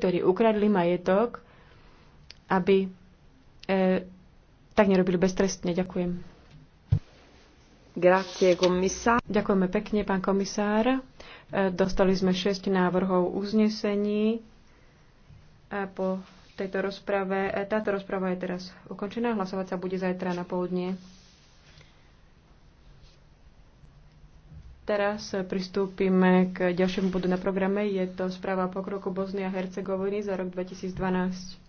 ktorí ukradli majetok, aby e, tak nerobili beztrestne. Ďakujem. Grazie, komisár. Ďakujeme pekne, pán komisár. E, dostali sme 6 návrhov uznesení e, po tejto rozprave. E, Táto rozprava je teraz ukončená. Hlasovať sa bude zajtra na poludnie. Teraz pristúpime k ďalšiemu bodu na programe. Je to správa o pokroku Bosny a Hercegoviny za rok 2012.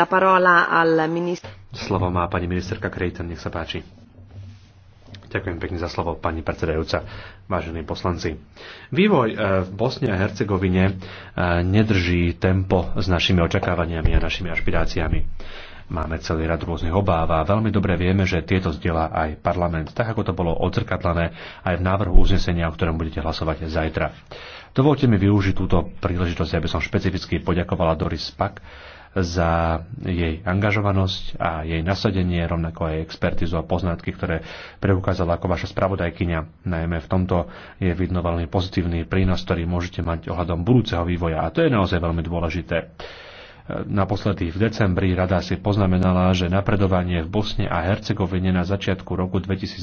La parola al Slovo má pani ministerka Krejten, nech sa páči. Ďakujem pekne za slovo, pani predsedajúca, vážení poslanci. Vývoj e, v Bosne a Hercegovine e, nedrží tempo s našimi očakávaniami a našimi ašpiráciami. Máme celý rad rôznych obáv a veľmi dobre vieme, že tieto zdieľa aj parlament, tak ako to bolo odzrkadlané aj v návrhu uznesenia, o ktorom budete hlasovať zajtra. Dovolte mi využiť túto príležitosť, aby som špecificky poďakovala Doris Pak, za jej angažovanosť a jej nasadenie, rovnako aj expertizu a poznatky, ktoré preukázala ako vaša spravodajkyňa. Najmä v tomto je vidno veľmi pozitívny prínos, ktorý môžete mať ohľadom budúceho vývoja a to je naozaj veľmi dôležité. Naposledy v decembri rada si poznamenala, že napredovanie v Bosne a Hercegovine na začiatku roku 2012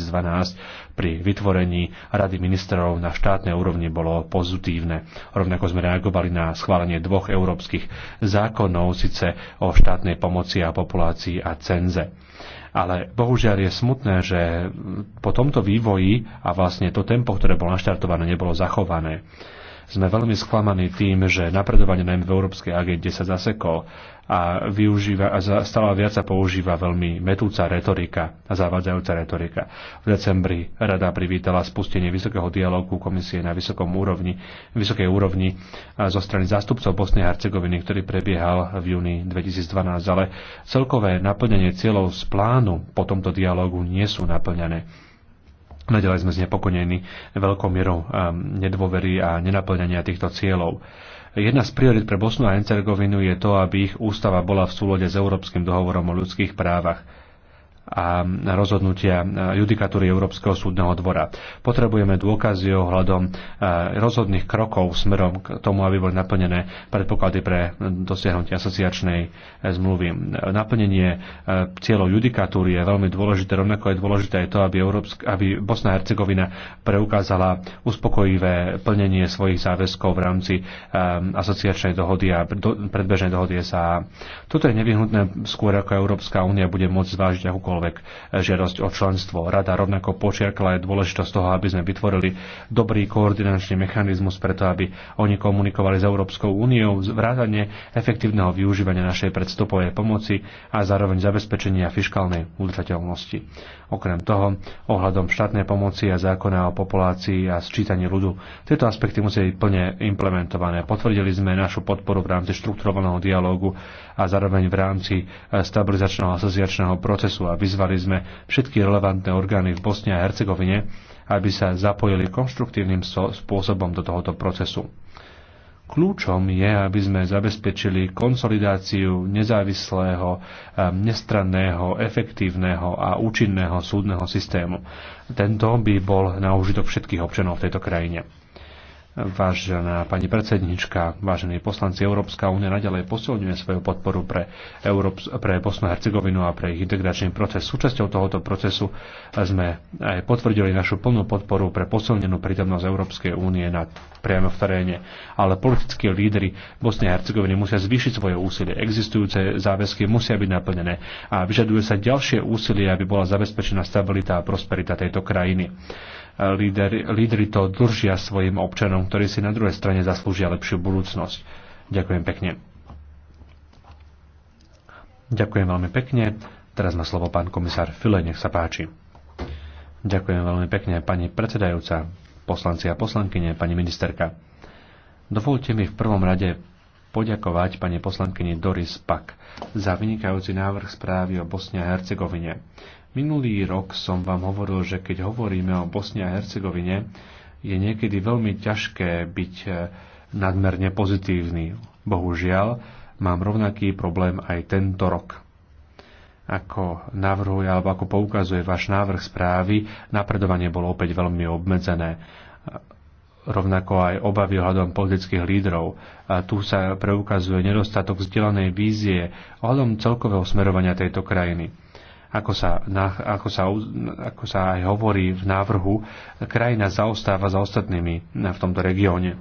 pri vytvorení Rady ministrov na štátnej úrovni bolo pozitívne. Rovnako sme reagovali na schválenie dvoch európskych zákonov, síce o štátnej pomoci a populácii a cenze. Ale bohužiaľ je smutné, že po tomto vývoji a vlastne to tempo, ktoré bolo naštartované, nebolo zachované. Sme veľmi sklamaní tým, že napredovanie najmä v európskej agende sa zasekol a, využíva, a stále viac sa používa veľmi metúca retorika a zavádzajúca retorika. V decembri rada privítala spustenie vysokého dialógu komisie na vysokom úrovni, vysokej úrovni zo strany zástupcov Bosnej a Hercegoviny, ktorý prebiehal v júni 2012, ale celkové naplnenie cieľov z plánu po tomto dialógu nie sú naplňané. Naďalej sme znepokojení veľkou mierou um, nedôvery a nenaplňania týchto cieľov. Jedna z priorit pre Bosnu a Hercegovinu je to, aby ich ústava bola v súlode s Európskym dohovorom o ľudských právach a rozhodnutia e, judikatúry Európskeho súdneho dvora. Potrebujeme dôkazy ohľadom e, rozhodných krokov smerom k tomu, aby boli naplnené predpoklady pre dosiahnutie asociačnej e, zmluvy. Naplnenie cieľov judikatúry je veľmi dôležité, rovnako je dôležité aj to, aby, Európsk, aby Bosna a Hercegovina preukázala uspokojivé plnenie svojich záväzkov v rámci asociačnej dohody a predbežnej dohody SA. Toto je nevyhnutné skôr ako Európska únia bude môcť zvážiť akúkoľvek akúkoľvek žiadosť o členstvo. Rada rovnako počiarkla aj dôležitosť toho, aby sme vytvorili dobrý koordinačný mechanizmus preto, aby oni komunikovali s Európskou úniou vrátane efektívneho využívania našej predstupovej pomoci a zároveň zabezpečenia fiskálnej udržateľnosti. Okrem toho, ohľadom štátnej pomoci a zákona o populácii a sčítaní ľudu, tieto aspekty musia byť plne implementované. Potvrdili sme našu podporu v rámci štrukturovaného dialógu a zároveň v rámci e, stabilizačného asociačného procesu a vyzvali sme všetky relevantné orgány v Bosne a Hercegovine, aby sa zapojili konštruktívnym spôsobom do tohoto procesu. Kľúčom je, aby sme zabezpečili konsolidáciu nezávislého, e, nestranného, efektívneho a účinného súdneho systému. Tento by bol na užitok všetkých občanov v tejto krajine. Vážená pani predsednička, vážení poslanci, Európska únia naďalej posilňuje svoju podporu pre, Európs- pre Bosnu a Hercegovinu a pre ich integračný proces. Súčasťou tohoto procesu sme aj potvrdili našu plnú podporu pre posilnenú prítomnosť Európskej únie na, priamo v teréne, ale politickí lídry Bosny a Hercegoviny musia zvýšiť svoje úsilie. Existujúce záväzky musia byť naplnené a vyžaduje sa ďalšie úsilie, aby bola zabezpečená stabilita a prosperita tejto krajiny lídry to držia svojim občanom, ktorí si na druhej strane zaslúžia lepšiu budúcnosť. Ďakujem pekne. Ďakujem veľmi pekne. Teraz má slovo pán komisár File, nech sa páči. Ďakujem veľmi pekne, pani predsedajúca, poslanci a poslankyne, pani ministerka. Dovolte mi v prvom rade poďakovať pani poslankyni Doris Pak za vynikajúci návrh správy o Bosne a Hercegovine. Minulý rok som vám hovoril, že keď hovoríme o Bosne a Hercegovine, je niekedy veľmi ťažké byť e, nadmerne pozitívny. Bohužiaľ, mám rovnaký problém aj tento rok. Ako navrhuje alebo ako poukazuje váš návrh správy, napredovanie bolo opäť veľmi obmedzené rovnako aj obavy ohľadom politických lídrov. A tu sa preukazuje nedostatok vzdelanej vízie ohľadom celkového smerovania tejto krajiny ako sa, na ako, sa, ako sa aj hovorí v návrhu, krajina zaostáva za ostatnými v tomto regióne.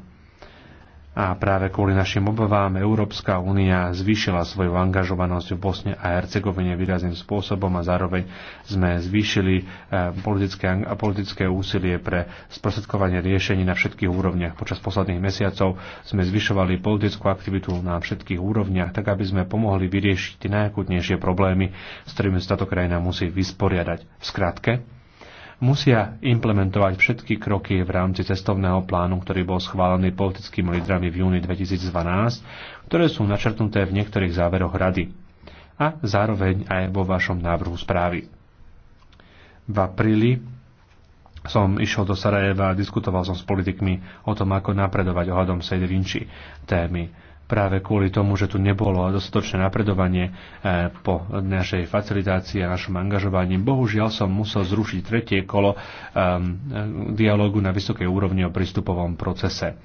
A práve kvôli našim obavám Európska únia zvýšila svoju angažovanosť v Bosne a Hercegovine výrazným spôsobom a zároveň sme zvýšili eh, politické, politické úsilie pre sprostredkovanie riešení na všetkých úrovniach. Počas posledných mesiacov sme zvyšovali politickú aktivitu na všetkých úrovniach, tak aby sme pomohli vyriešiť tie najakutnejšie problémy, s ktorými sa táto krajina musí vysporiadať. V skratke, musia implementovať všetky kroky v rámci cestovného plánu, ktorý bol schválený politickými lídrami v júni 2012, ktoré sú načrtnuté v niektorých záveroch rady a zároveň aj vo vašom návrhu správy. V apríli som išiel do Sarajeva a diskutoval som s politikmi o tom, ako napredovať ohľadom Sejde Vinci témy práve kvôli tomu, že tu nebolo dostatočné napredovanie eh, po našej facilitácii a našom angažovaní. Bohužiaľ som musel zrušiť tretie kolo ehm, dialógu na vysokej úrovni o prístupovom procese.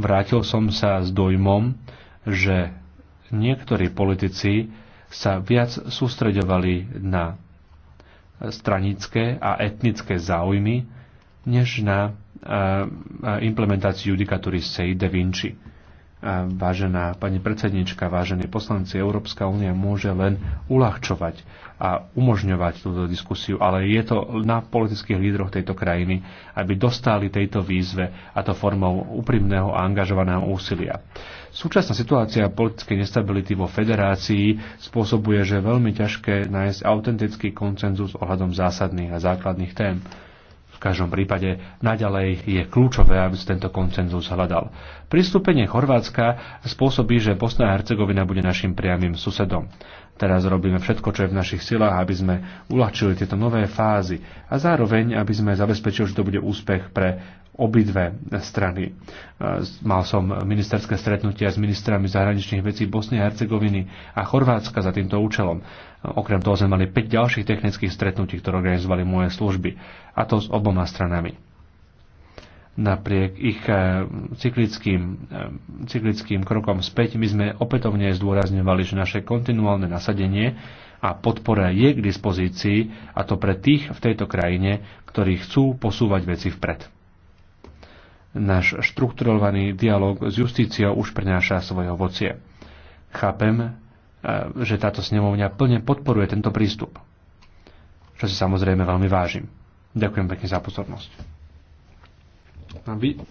Vrátil som sa s dojmom, že niektorí politici sa viac sústreďovali na stranické a etnické záujmy, než na eh, implementáciu judikatúry Sej de Vinci Vážená pani predsednička, vážení poslanci, Európska únia môže len uľahčovať a umožňovať túto diskusiu, ale je to na politických lídroch tejto krajiny, aby dostali tejto výzve a to formou úprimného a angažovaného úsilia. Súčasná situácia politickej nestability vo federácii spôsobuje, že je veľmi ťažké nájsť autentický koncenzus ohľadom zásadných a základných tém každom prípade naďalej je kľúčové, aby sa tento koncenzus hľadal. Pristúpenie Chorvátska spôsobí, že Bosna a Hercegovina bude našim priamým susedom. Teraz robíme všetko, čo je v našich silách, aby sme uľahčili tieto nové fázy a zároveň, aby sme zabezpečili, že to bude úspech pre obidve strany. Mal som ministerské stretnutia s ministrami zahraničných vecí Bosny a Hercegoviny a Chorvátska za týmto účelom. Okrem toho sme mali 5 ďalších technických stretnutí, ktoré organizovali moje služby, a to s oboma stranami. Napriek ich eh, cyklickým, eh, cyklickým krokom späť my sme opätovne zdôrazňovali, že naše kontinuálne nasadenie a podpora je k dispozícii, a to pre tých v tejto krajine, ktorí chcú posúvať veci vpred. Náš štrukturovaný dialog s justíciou už prináša svoje ovocie. Chápem, E, že táto snemovňa plne podporuje tento prístup, čo si samozrejme veľmi vážim. Ďakujem pekne za pozornosť.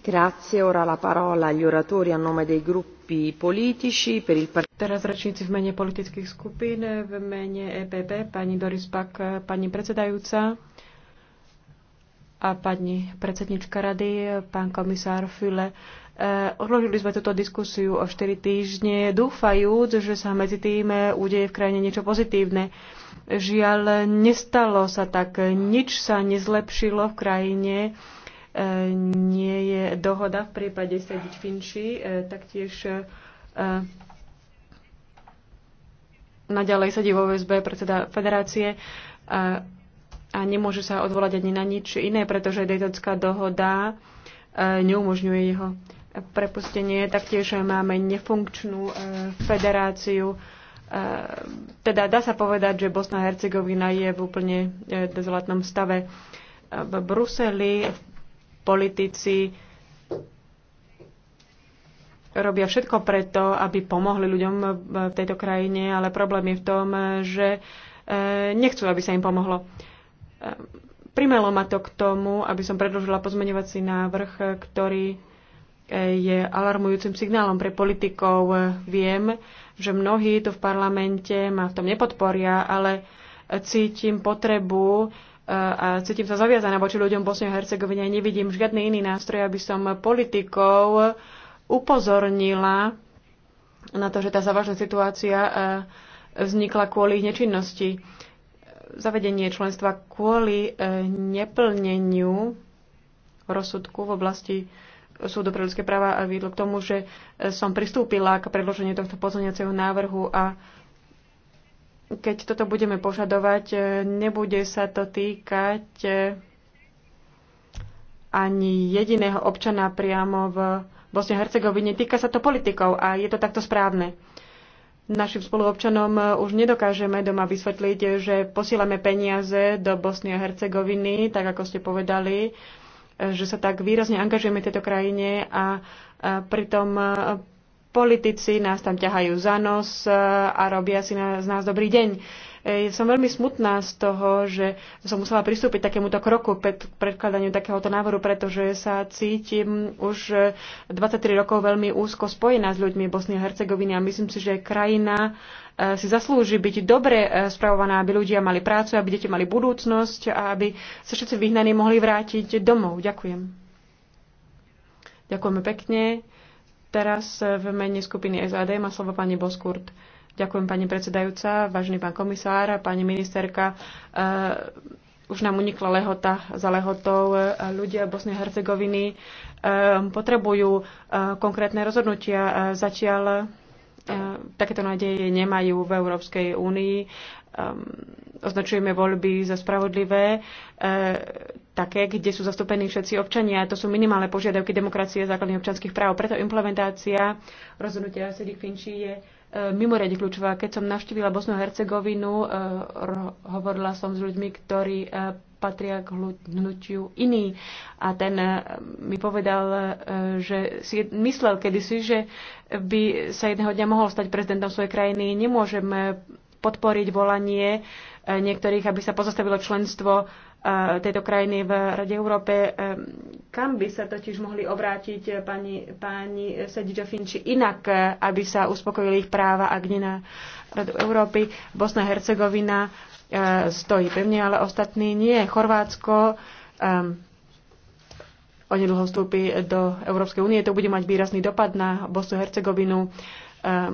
Grazie, ora la parola agli oratori a nome dei gruppi politici per il Teraz rečníci v mene politických skupín, v mene EPP, pani Doris Pak, pani predsedajúca a pani predsednička rady, pán komisár Füle. E, odložili sme túto diskusiu o 4 týždne, dúfajúc, že sa medzi tým udeje v krajine niečo pozitívne. Žiaľ, nestalo sa tak, nič sa nezlepšilo v krajine, e, nie je dohoda v prípade sediť Finči, e, taktiež naďalej sedí vo VSB predseda federácie a nemôže sa odvolať ani na nič iné, pretože Daytonská dohoda e, neumožňuje jeho prepustenie. Taktiež máme nefunkčnú e, federáciu. E, teda dá sa povedať, že Bosna a Hercegovina je v úplne dezolátnom stave. V Bruseli politici robia všetko preto, aby pomohli ľuďom v tejto krajine, ale problém je v tom, že nechcú, aby sa im pomohlo primelo ma to k tomu, aby som predložila pozmeňovací návrh, ktorý e, je alarmujúcim signálom pre politikov. Viem, že mnohí tu v parlamente ma v tom nepodporia, ale cítim potrebu e, a cítim sa zaviazaná voči ľuďom v Bosne a Hercegovine a nevidím žiadny iný nástroj, aby som politikov upozornila na to, že tá závažná situácia e, vznikla kvôli ich nečinnosti zavedenie členstva kvôli e, neplneniu rozsudku v oblasti súdu pre ľudské práva a viedlo k tomu, že e, som pristúpila k predloženiu tohto pozoniaceho návrhu a keď toto budeme požadovať, e, nebude sa to týkať ani jediného občana priamo v Bosne-Hercegovine. Týka sa to politikov a je to takto správne našim spoluobčanom e, už nedokážeme doma vysvetliť, že posielame peniaze do Bosny a Hercegoviny, tak ako ste povedali, e, že sa tak výrazne angažujeme v tejto krajine a e, pritom politici nás tam ťahajú za nos a robia si z nás dobrý deň. Som veľmi smutná z toho, že som musela pristúpiť takémuto kroku pred predkladaniu takéhoto návoru, pretože sa cítim už 23 e, rokov veľmi úzko spojená s ľuďmi Bosny a Hercegoviny a myslím si, že krajina e, si zaslúži byť dobre e, spravovaná, aby ľudia mali prácu, aby deti mali budúcnosť a aby sa všetci vyhnaní mohli vrátiť domov. Ďakujem. Ďakujeme pekne. Teraz v mene skupiny SAD má slovo pani Boskurt. Ďakujem pani predsedajúca, vážený pán komisár, pani ministerka. Eh, už nám unikla lehota za lehotou. Eh, ľudia a Hercegoviny eh, potrebujú konkrétne rozhodnutia. Zatiaľ takéto nádeje nemajú v Európskej únii. Označujeme voľby za spravodlivé, také, kde sú zastúpení všetci občania. To sú minimálne požiadavky demokracie a základných občanských práv. Preto implementácia rozhodnutia Sedik Finči je E, mimoriadne kľúčová. Keď som navštívila Bosnu a Hercegovinu, e, hovorila som s ľuďmi, ktorí e, patria k hnutiu iný. A ten mi povedal, že si myslel kedysi, že by sa jedného dňa mohol stať prezidentom svojej krajiny. Nemôžeme podporiť volanie niektorých, aby sa pozastavilo členstvo tejto krajiny v Rade Európe. Ehm, kam by sa totiž mohli obrátiť pani, pani Sediča Finči inak, aby sa uspokojili ich práva, ak nie na Radu Európy? Bosna Hercegovina ehm, stojí pevne, ale ostatní nie. Chorvátsko um, ehm, dlho vstúpi do Európskej únie. To bude mať výrazný dopad na Bosnu a Hercegovinu. Um,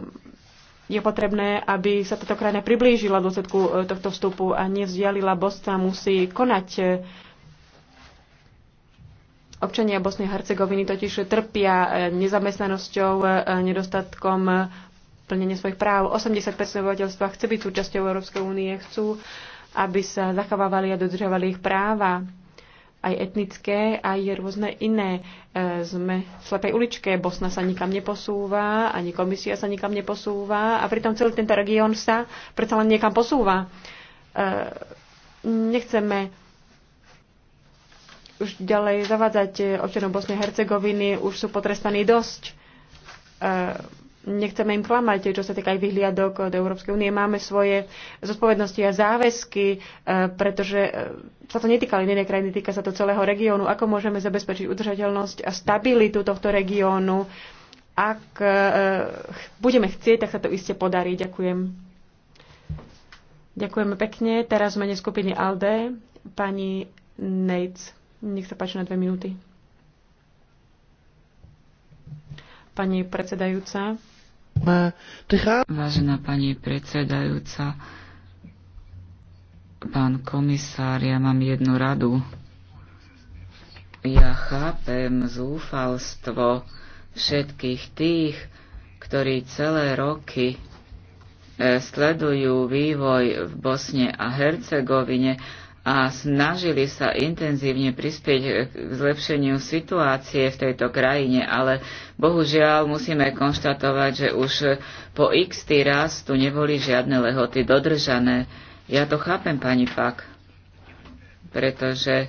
je potrebné, aby sa táto krajina priblížila v dôsledku e, tohto vstupu a nevzdialila. Bosna musí konať. Občania Bosny a Hercegoviny totiž trpia e, nezamestnanosťou, e, nedostatkom plnenia svojich práv. 80% obyvateľstva chce byť súčasťou Európskej únie, chcú, aby sa zachovávali a dodržiavali ich práva aj etnické, aj rôzne iné. E, sme v slepej uličke, Bosna sa nikam neposúva, ani komisia sa nikam neposúva a pritom celý tento región sa predsa len niekam posúva. E, nechceme už ďalej zavádzať občanov a Hercegoviny, už sú potrestaní dosť e, nechceme im klamať, čo sa týka aj vyhliadok od Európskej únie. Máme svoje zodpovednosti a záväzky, e, pretože e, sa to netýka len jednej krajiny, týka sa to celého regiónu. Ako môžeme zabezpečiť udržateľnosť a stabilitu tohto regiónu? Ak e, budeme chcieť, tak sa to iste podarí. Ďakujem. Ďakujeme pekne. Teraz mene skupiny ALDE, pani Nates. Nech sa páči na dve minúty. pani predsedajúca. Vážená pani predsedajúca, pán komisár, ja mám jednu radu. Ja chápem zúfalstvo všetkých tých, ktorí celé roky eh, sledujú vývoj v Bosne a Hercegovine a snažili sa intenzívne prispieť k zlepšeniu situácie v tejto krajine, ale bohužiaľ musíme konštatovať, že už po x raz tu neboli žiadne lehoty dodržané. Ja to chápem, pani Pak, pretože e,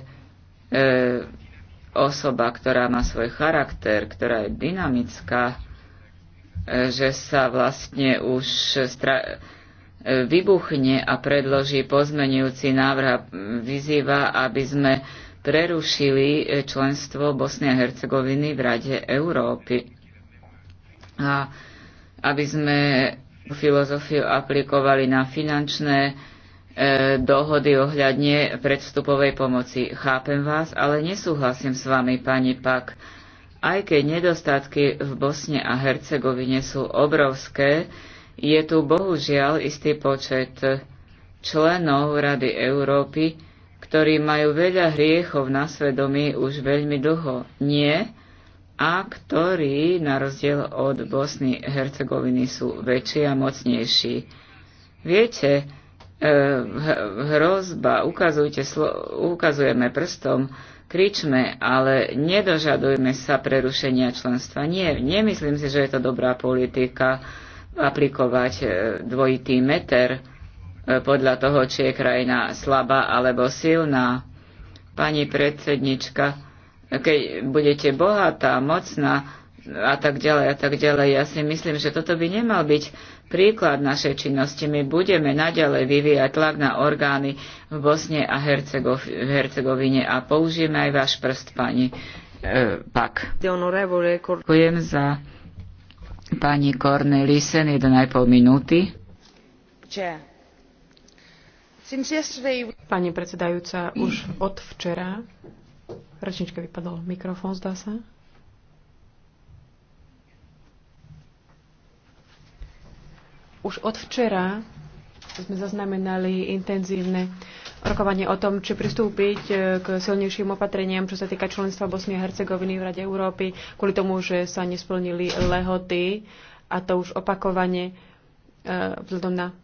osoba, ktorá má svoj charakter, ktorá je dynamická, e, že sa vlastne už... Stra- vybuchne a predloží pozmenujúci návrh a vyzýva, aby sme prerušili e, členstvo Bosny a Hercegoviny v Rade Európy. A aby sme filozofiu aplikovali na finančné e, dohody ohľadne predstupovej pomoci. Chápem vás, ale nesúhlasím s vami, pani Pak. Aj keď nedostatky v Bosne a Hercegovine sú obrovské, je tu bohužiaľ istý počet členov Rady Európy, ktorí majú veľa hriechov na svedomí už veľmi dlho. Nie, a ktorí na rozdiel od Bosny Hercegoviny sú väčší a mocnejší. Viete, e, hrozba, ukazujte, ukazujeme prstom, kričme, ale nedožadujme sa prerušenia členstva. Nie, nemyslím si, že je to dobrá politika aplikovať e, dvojitý meter e, podľa toho, či je krajina slabá alebo silná. Pani predsednička, keď budete bohatá, mocná a tak ďalej a tak ďalej, ja si myslím, že toto by nemal byť príklad našej činnosti. My budeme naďalej vyvíjať tlak na orgány v Bosne a Hercegovine a použijeme aj váš prst, pani e, Pak. Ďakujem za Pani Cornelissen, 1,5 minúty. Pani predsedajúca, už od včera rečnička vypadol mikrofón, zdá sa. Už od včera sme zaznamenali intenzívne rokovanie o tom, či pristúpiť e, k silnejším opatreniam, čo sa týka členstva Bosny a Hercegoviny v Rade Európy, kvôli tomu, že sa nesplnili lehoty a to už opakovane e, vzhľadom na e,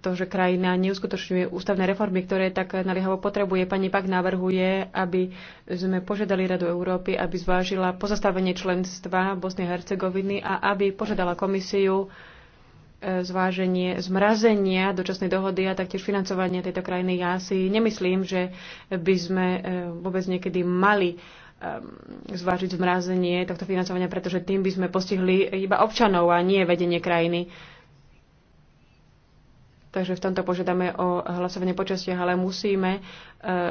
to, že krajina neuskutočňuje ústavné reformy, ktoré tak naliehavo potrebuje. Pani Pak navrhuje, aby sme požiadali Radu Európy, aby zvážila pozastavenie členstva Bosny a Hercegoviny a aby požiadala komisiu zváženie zmrazenia dočasnej dohody a taktiež financovanie tejto krajiny. Ja si nemyslím, že by sme eh, vôbec niekedy mali ehm, zvážiť zmrazenie tohto financovania, pretože tým by sme postihli iba občanov a nie vedenie krajiny. Takže v tomto požiadame o hlasovanie počastiach, ale musíme eh,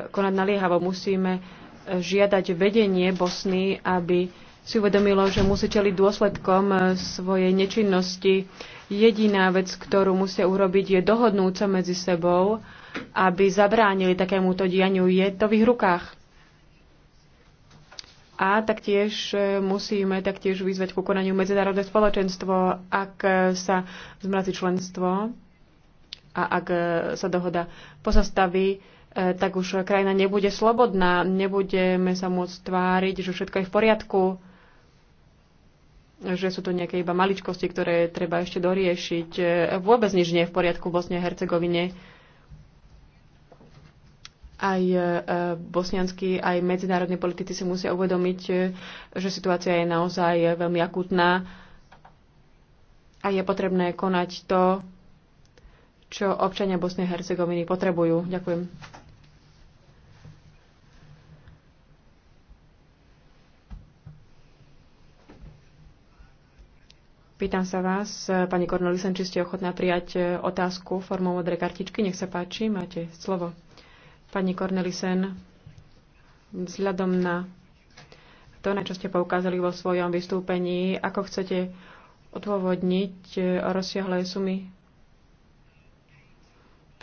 konať naliehavo, musíme eh, žiadať vedenie Bosny, aby si uvedomilo, že musí čeliť dôsledkom svojej nečinnosti Jediná vec, ktorú musia urobiť, je dohodnúť sa medzi sebou, aby zabránili takémuto dianiu. Je to v ich rukách. A taktiež e, musíme taktiež vyzvať ku konaniu medzinárodné spoločenstvo, ak e, sa zmrazí členstvo a ak e, sa dohoda pozastaví, tak už krajina nebude slobodná, nebudeme sa môcť tváriť, že všetko je v poriadku že sú to nejaké iba maličkosti, ktoré treba ešte doriešiť. E, vôbec nič nie je v poriadku v Bosne a Hercegovine. Aj e, e, bosnianskí, aj medzinárodní politici si musia uvedomiť, že situácia je naozaj veľmi akutná a je potrebné konať to, čo občania Bosnej a Hercegoviny potrebujú. Ďakujem. Pýtam sa vás, pani Kornelisen, či ste ochotná prijať e, otázku formou modrej kartičky. Nech sa páči, máte slovo. Pani Kornelisen, vzhľadom na to, na čo ste poukázali vo svojom vystúpení, ako chcete odôvodniť e, rozsiahle sumy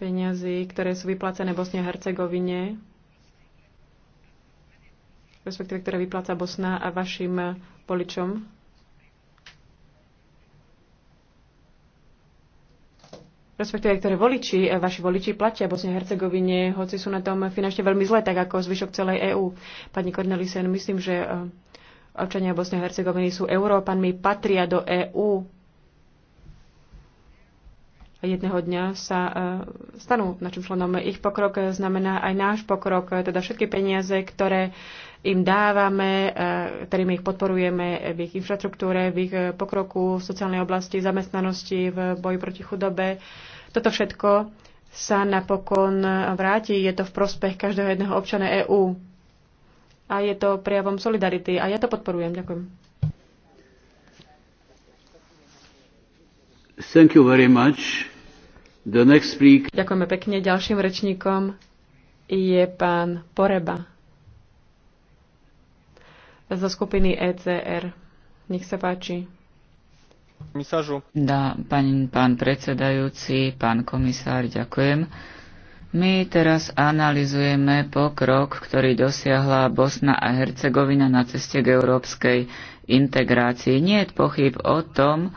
peňazí, ktoré sú vyplácané Bosne a Hercegovine, respektíve ktoré vypláca Bosna a vašim poličom respektíve ktoré voliči, e, vaši voliči platia Bosne a Hercegovine, hoci sú na tom finančne veľmi zle, tak ako zvyšok celej EÚ. Pani Kornelisen, myslím, že e, občania Bosne a Hercegoviny sú Európanmi, patria do EÚ jedného dňa sa e, stanú našim členom. Ich pokrok znamená aj náš pokrok, e, teda všetky peniaze, ktoré im dávame, e, ktorými ich podporujeme v ich infraštruktúre, v ich pokroku v sociálnej oblasti, zamestnanosti, v boji proti chudobe. Toto všetko sa napokon vráti. Je to v prospech každého jedného občana EÚ. A je to prejavom solidarity. A ja to podporujem. Ďakujem. Thank you very much. Ďakujeme pekne. Ďalším rečníkom je pán Poreba zo skupiny ECR. Nech sa páči. Komisážu. Dá, pán, pán predsedajúci, pán komisár, ďakujem. My teraz analizujeme pokrok, ktorý dosiahla Bosna a Hercegovina na ceste k európskej integrácii. Nie je pochyb o tom,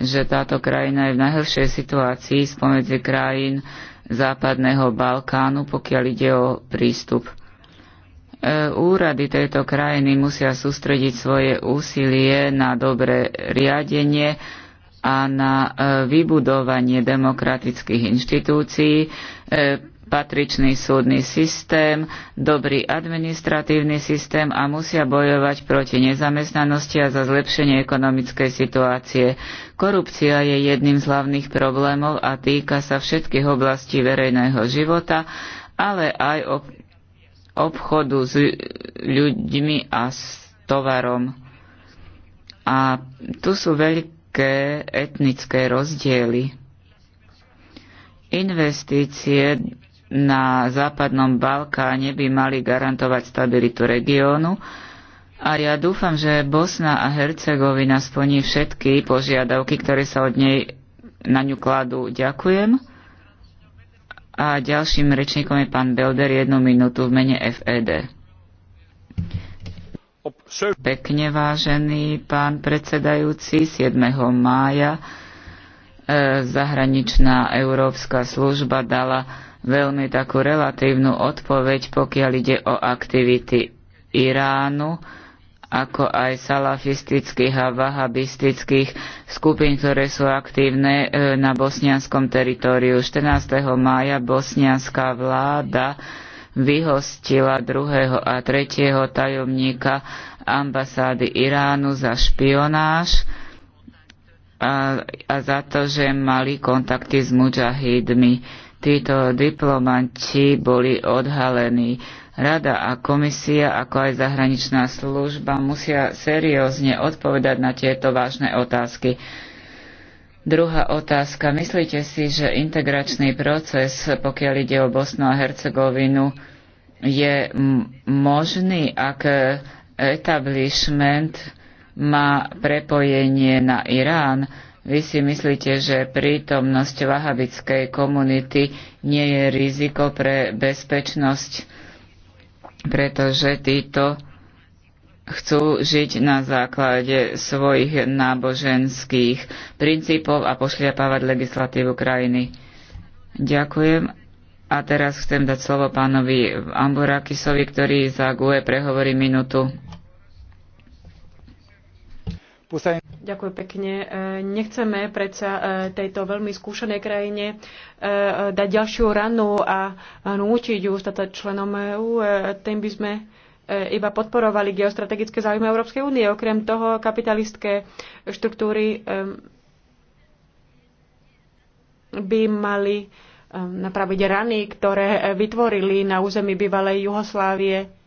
že táto krajina je v najhoršej situácii spomedzi krajín Západného Balkánu, pokiaľ ide o prístup. E, úrady tejto krajiny musia sústrediť svoje úsilie na dobré riadenie a na e, vybudovanie demokratických inštitúcií, e, patričný súdny systém, dobrý administratívny systém a musia bojovať proti nezamestnanosti a za zlepšenie ekonomickej situácie. Korupcia je jedným z hlavných problémov a týka sa všetkých oblastí verejného života, ale aj ob- obchodu s ľuďmi a s tovarom. A tu sú veľké etnické rozdiely. Investície na západnom Balkáne by mali garantovať stabilitu regiónu a ja dúfam, že Bosna a Hercegovina splní všetky požiadavky, ktoré sa od nej na ňu kladú. Ďakujem. A ďalším rečníkom je pán Belder, jednu minútu v mene FED. Pekne vážený pán predsedajúci, 7. mája e, zahraničná európska služba dala veľmi takú relatívnu odpoveď, pokiaľ ide o aktivity Iránu, ako aj salafistických a vahabistických skupín, ktoré sú aktívne e, na bosnianskom teritóriu. 14. mája bosnianská vláda vyhostila druhého a tretieho tajomníka ambasády Iránu za špionáž a, a za to, že mali kontakty s mudžahídmi títo diplomanti boli odhalení. Rada a komisia, ako aj zahraničná služba, musia seriózne odpovedať na tieto vážne otázky. Druhá otázka. Myslíte si, že integračný proces, pokiaľ ide o Bosnu a Hercegovinu, je možný, ak etablishment má prepojenie na Irán? Vy si myslíte, že prítomnosť vahabickej komunity nie je riziko pre bezpečnosť, pretože títo chcú žiť na základe svojich náboženských princípov a pošliapávať legislatívu krajiny. Ďakujem. A teraz chcem dať slovo pánovi Amburakisovi, ktorý za GUE prehovorí minútu. Ďakujem pekne. E, nechceme predsa e, tejto veľmi skúšanej krajine e, dať ďalšiu ranu a nútiť ju stať členom EÚ. Tým by sme iba podporovali geostrategické záujmy Európskej únie. Okrem toho kapitalistické štruktúry by mali napraviť rany, ktoré vytvorili na území bývalej Juhoslávie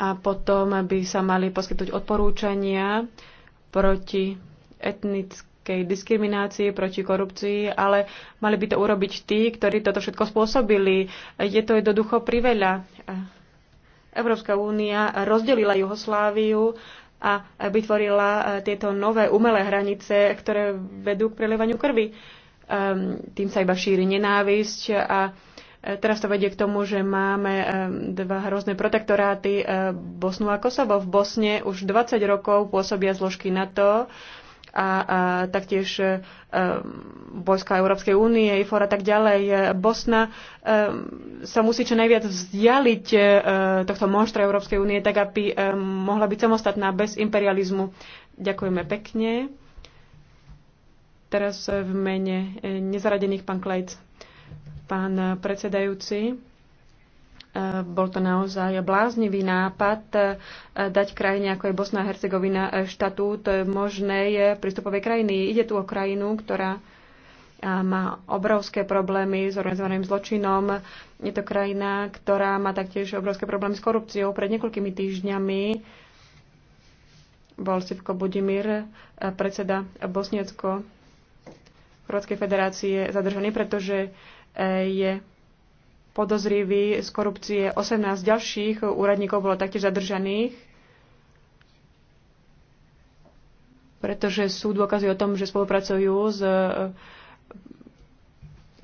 a potom by sa mali poskytnúť odporúčania proti etnickej diskriminácii, proti korupcii, ale mali by to urobiť tí, ktorí toto všetko spôsobili. Je to jednoducho priveľa. Európska únia rozdelila Jugosláviu a vytvorila eh, tieto nové umelé hranice, ktoré vedú k prelievaniu krvi. Ehm, tým sa iba šíri nenávisť a Teraz to vedie k tomu, že máme eh, dva hrozné protektoráty, eh, Bosnu a Kosovo. V Bosne už 20 rokov pôsobia zložky NATO a, a taktiež e, vojska Európskej únie, IFOR a tak ďalej. Bosna e, sa musí čo najviac vzdialiť e, tohto monštra Európskej únie, tak aby e, mohla byť samostatná bez imperializmu. Ďakujeme pekne. Teraz v mene nezaradených pán Klejc. Pán predsedajúci, e, bol to naozaj bláznivý nápad e, dať krajine ako je Bosna a Hercegovina e, štatút možnej prístupovej krajiny. Ide tu o krajinu, ktorá má obrovské problémy s organizovaným zločinom. Je to krajina, ktorá má taktiež obrovské problémy s korupciou. Pred niekoľkými týždňami bol Sivko Budimir, predseda Bosniecko Chorvátskej federácie, zadržaný, pretože je podozrivý z korupcie. 18 ďalších úradníkov bolo taktiež zadržaných, pretože sú dôkazy o tom, že spolupracujú s, eh,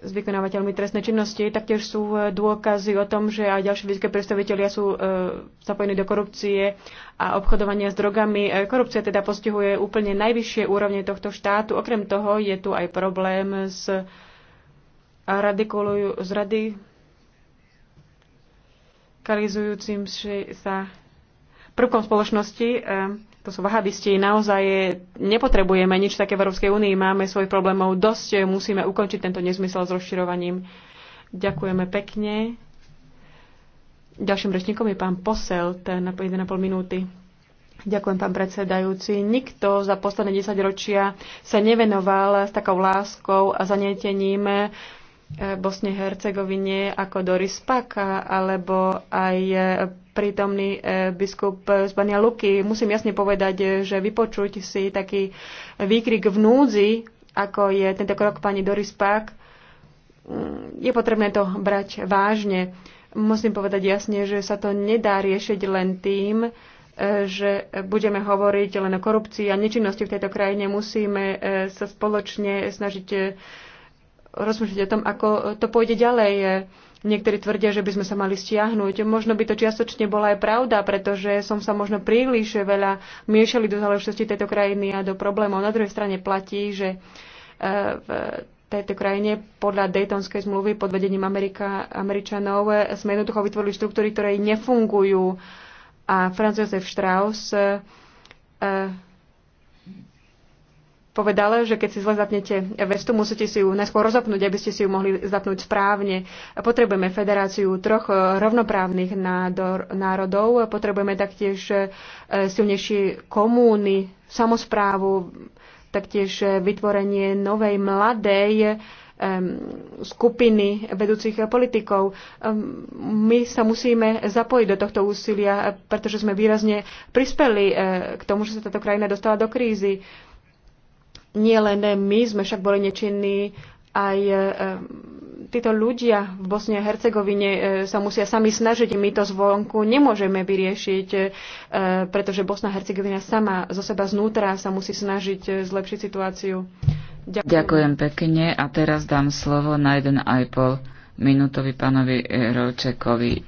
s vykonávateľmi trestnej činnosti. Taktiež sú eh, dôkazy o tom, že aj ďalší vysoké predstavitelia sú eh, zapojení do korupcie a obchodovania s drogami. Korupcia teda postihuje úplne najvyššie úrovne tohto štátu. Okrem toho je tu aj problém s a radikolujú, z rady kalizujúcim sa prvkom spoločnosti. E, to sú vahabisti. Naozaj nepotrebujeme nič také v Európskej únii. Máme svojich problémov dosť. Musíme ukončiť tento nezmysel s rozširovaním. Ďakujeme pekne. Ďalším rečníkom je pán Posel, ten na 1,5 minúty. Ďakujem, pán predsedajúci. Nikto za posledné 10 ročia sa nevenoval s takou láskou a zanietením Bosne Hercegovine ako Doris Paka alebo aj e, prítomný e, biskup z Bania Luky. Musím jasne povedať, e, že vypočuť si taký výkrik v núdzi, ako je tento krok pani Doris Pak, mm, je potrebné to brať vážne. Musím povedať jasne, že sa to nedá riešiť len tým, že budeme hovoriť len o korupcii a nečinnosti v tejto krajine. Musíme sa spoločne snažiť rozmýšľať o tom, ako to pôjde ďalej. Niektorí tvrdia, že by sme sa mali stiahnuť. Možno by to čiastočne bola aj pravda, pretože som sa možno príliš veľa miešali do záležitosti tejto krajiny a do problémov. Na druhej strane platí, že e, v tejto krajine podľa Daytonskej zmluvy pod vedením Amerika, Američanov sme jednoducho vytvorili štruktúry, ktoré nefungujú. A Franz Josef Strauss e, povedal, že keď si zle zapnete vestu, musíte si ju najskôr rozopnúť, aby ste si ju mohli zapnúť správne. Potrebujeme federáciu troch rovnoprávnych nádor, národov, potrebujeme taktiež eh, silnejšie komúny, samozprávu, taktiež eh, vytvorenie novej mladej skupiny vedúcich politikov. My sa musíme zapojiť do tohto úsilia, eh, pretože sme výrazne prispeli k tomu, že sa táto krajina dostala do krízy. Nie len my sme však boli nečinní, aj e, títo ľudia v Bosne a Hercegovine e, sa musia sami snažiť, my to zvonku nemôžeme vyriešiť, e, pretože Bosna a Hercegovina sama zo seba znútra sa musí snažiť zlepšiť situáciu. Ďakujem. Ďakujem pekne a teraz dám slovo na jeden aj pol minútovi pánovi Rovčekovi.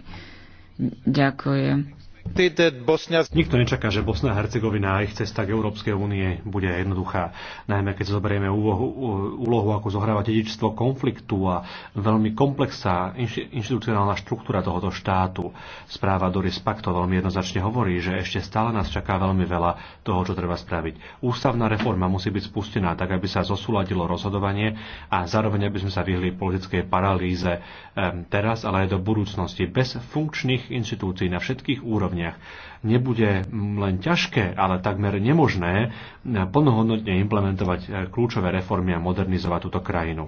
Ďakujem. Nikto nečaká, že Bosna a Hercegovina a ich cesta k Európskej únie bude jednoduchá. Najmä keď zoberieme úlohu, úlohu ako zohráva dedičstvo konfliktu a veľmi komplexná inštitucionálna štruktúra tohoto štátu. Správa Doris Pakto veľmi jednoznačne hovorí, že ešte stále nás čaká veľmi veľa toho, čo treba spraviť. Ústavná reforma musí byť spustená tak, aby sa zosúladilo rozhodovanie a zároveň aby sme sa vyhli politickej paralýze ehm, teraz, ale aj do budúcnosti. Bez funkčných inštitúcií na všetkých úrovniach úrovniach. Nebude len ťažké, ale takmer nemožné plnohodnotne implementovať kľúčové reformy a modernizovať túto krajinu.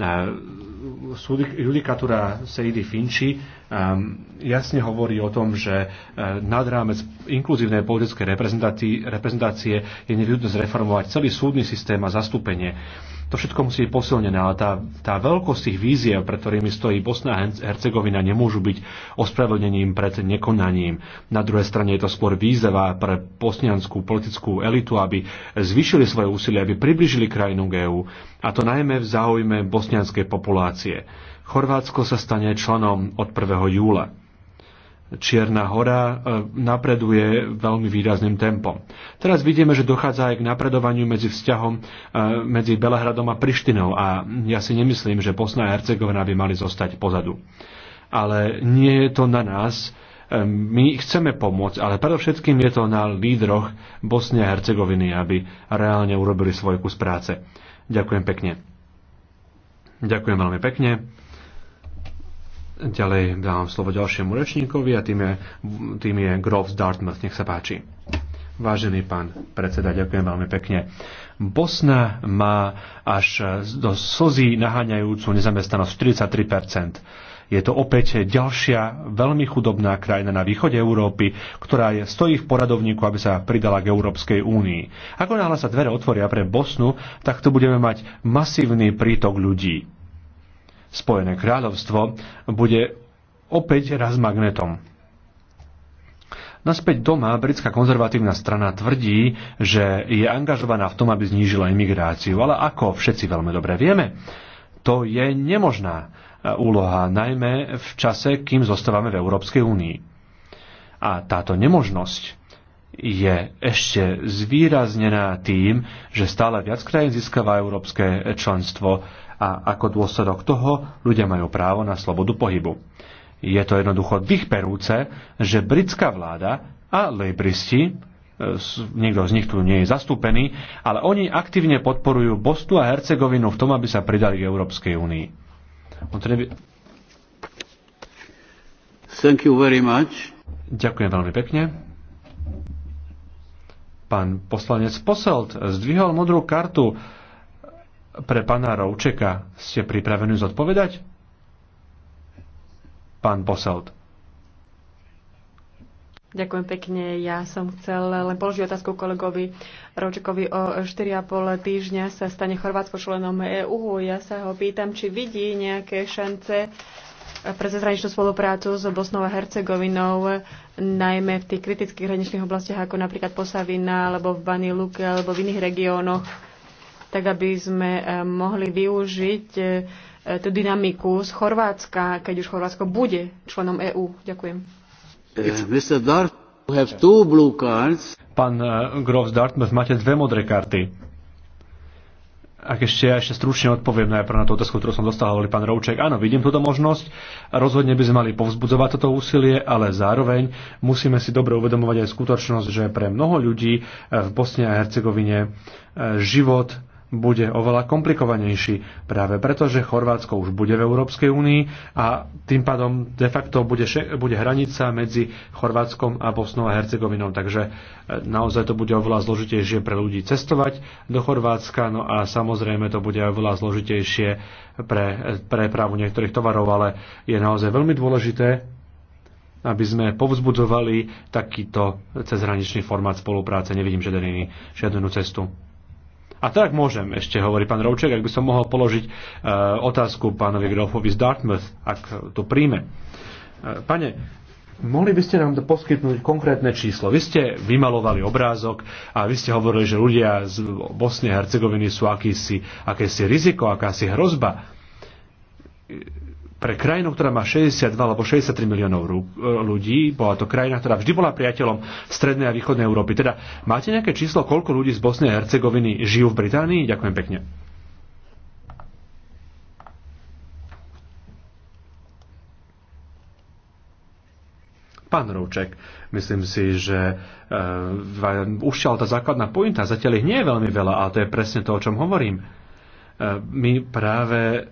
E, judikatúra Seidy Finči e, jasne hovorí o tom, že e, nad rámec inkluzívnej politickej reprezentácie je nevyhnutné zreformovať celý súdny systém a zastúpenie to všetko musí byť posilnené, ale tá, tá veľkosť tých víziev, pre ktorými stojí Bosna a Hercegovina, nemôžu byť ospravedlnením pred nekonaním. Na druhej strane je to skôr výzva pre bosnianskú politickú elitu, aby zvýšili svoje úsilie, aby približili krajinu k EÚ, a to najmä v záujme bosnianskej populácie. Chorvátsko sa stane členom od 1. júla. Čierna hora e, napreduje veľmi výrazným tempom. Teraz vidíme, že dochádza aj k napredovaniu medzi vzťahom e, medzi Belehradom a Prištinou a ja si nemyslím, že Bosna a Hercegovina by mali zostať pozadu. Ale nie je to na nás, e, my chceme pomôcť, ale predovšetkým je to na lídroch Bosne a Hercegoviny, aby reálne urobili svoj kus práce. Ďakujem pekne. Ďakujem veľmi pekne. Ďalej dávam slovo ďalšiemu rečníkovi a tým je, tým je z Dartmouth. Nech sa páči. Vážený pán predseda, ďakujem veľmi pekne. Bosna má až do slzí naháňajúcu nezamestnanosť 43 je to opäť ďalšia veľmi chudobná krajina na východe Európy, ktorá je, stojí v poradovníku, aby sa pridala k Európskej únii. Ako náhle sa dvere otvoria pre Bosnu, tak tu budeme mať masívny prítok ľudí. Spojené kráľovstvo bude opäť raz magnetom. Naspäť doma britská konzervatívna strana tvrdí, že je angažovaná v tom, aby znížila imigráciu. Ale ako všetci veľmi dobre vieme, to je nemožná e, úloha, najmä v čase, kým zostávame v Európskej únii. A táto nemožnosť je ešte zvýraznená tým, že stále viac krajín získava európske členstvo a ako dôsledok toho ľudia majú právo na slobodu pohybu. Je to jednoducho vychperúce, že britská vláda a lejbristi, e, niekto z nich tu nie je zastúpený, ale oni aktívne podporujú Bostu a Hercegovinu v tom, aby sa pridali k Európskej únii. Thank you very much. Ďakujem veľmi pekne. Pán poslanec Poselt zdvihol modrú kartu pre pána Roučeka. Ste pripravení zodpovedať? Pán Bosaud. Ďakujem pekne. Ja som chcel len položiť otázku kolegovi Ročekovi. O 4,5 týždňa sa stane Chorvátsko členom EÚ. Ja sa ho pýtam, či vidí nejaké šance pre zahraničnú spoluprácu s Bosnou a Hercegovinou, najmä v tých kritických hraničných oblastiach, ako napríklad Posavina, alebo v Bani Luke, alebo v iných regiónoch tak aby sme eh, mohli využiť eh, tú dynamiku z Chorvátska, keď už Chorvátsko bude členom EÚ. Ďakujem. Eh, pán Grof Dartmouth, máte dve modré karty. Ak ešte ja ešte stručne odpoviem najprv na tú otázku, ktorú som dostal, hovorí pán Rouček. Áno, vidím túto možnosť. Rozhodne by sme mali povzbudzovať toto úsilie, ale zároveň musíme si dobre uvedomovať aj skutočnosť, že pre mnoho ľudí v Bosne a Hercegovine život bude oveľa komplikovanejší, práve preto, že Chorvátsko už bude v Európskej únii a tým pádom de facto bude, bude hranica medzi Chorvátskom a Bosnou a Hercegovinou. Takže e, naozaj to bude oveľa zložitejšie pre ľudí cestovať do Chorvátska, no a samozrejme to bude oveľa zložitejšie pre e, prepravu niektorých tovarov, ale je naozaj veľmi dôležité, aby sme povzbudzovali takýto cezhraničný formát spolupráce. Nevidím žiaden iný, žiadnu cestu. A tak môžem ešte, hovorí pán Rovček, ak by som mohol položiť e, otázku pánovi Grofovi z Dartmouth, ak to príjme. E, pane, mohli by ste nám to poskytnúť konkrétne číslo. Vy ste vymalovali obrázok a vy ste hovorili, že ľudia z Bosne a Hercegoviny sú akýsi, akési riziko, akási hrozba pre krajinu, ktorá má 62 alebo 63 miliónov e, ľudí, bola to krajina, ktorá vždy bola priateľom strednej a východnej Európy. Teda máte nejaké číslo, koľko ľudí z Bosnej a Hercegoviny žijú v Británii? Ďakujem pekne. Pán Rouček, myslím si, že e, už tá základná pointa, zatiaľ ich nie je veľmi veľa, ale to je presne to, o čom hovorím. E, my práve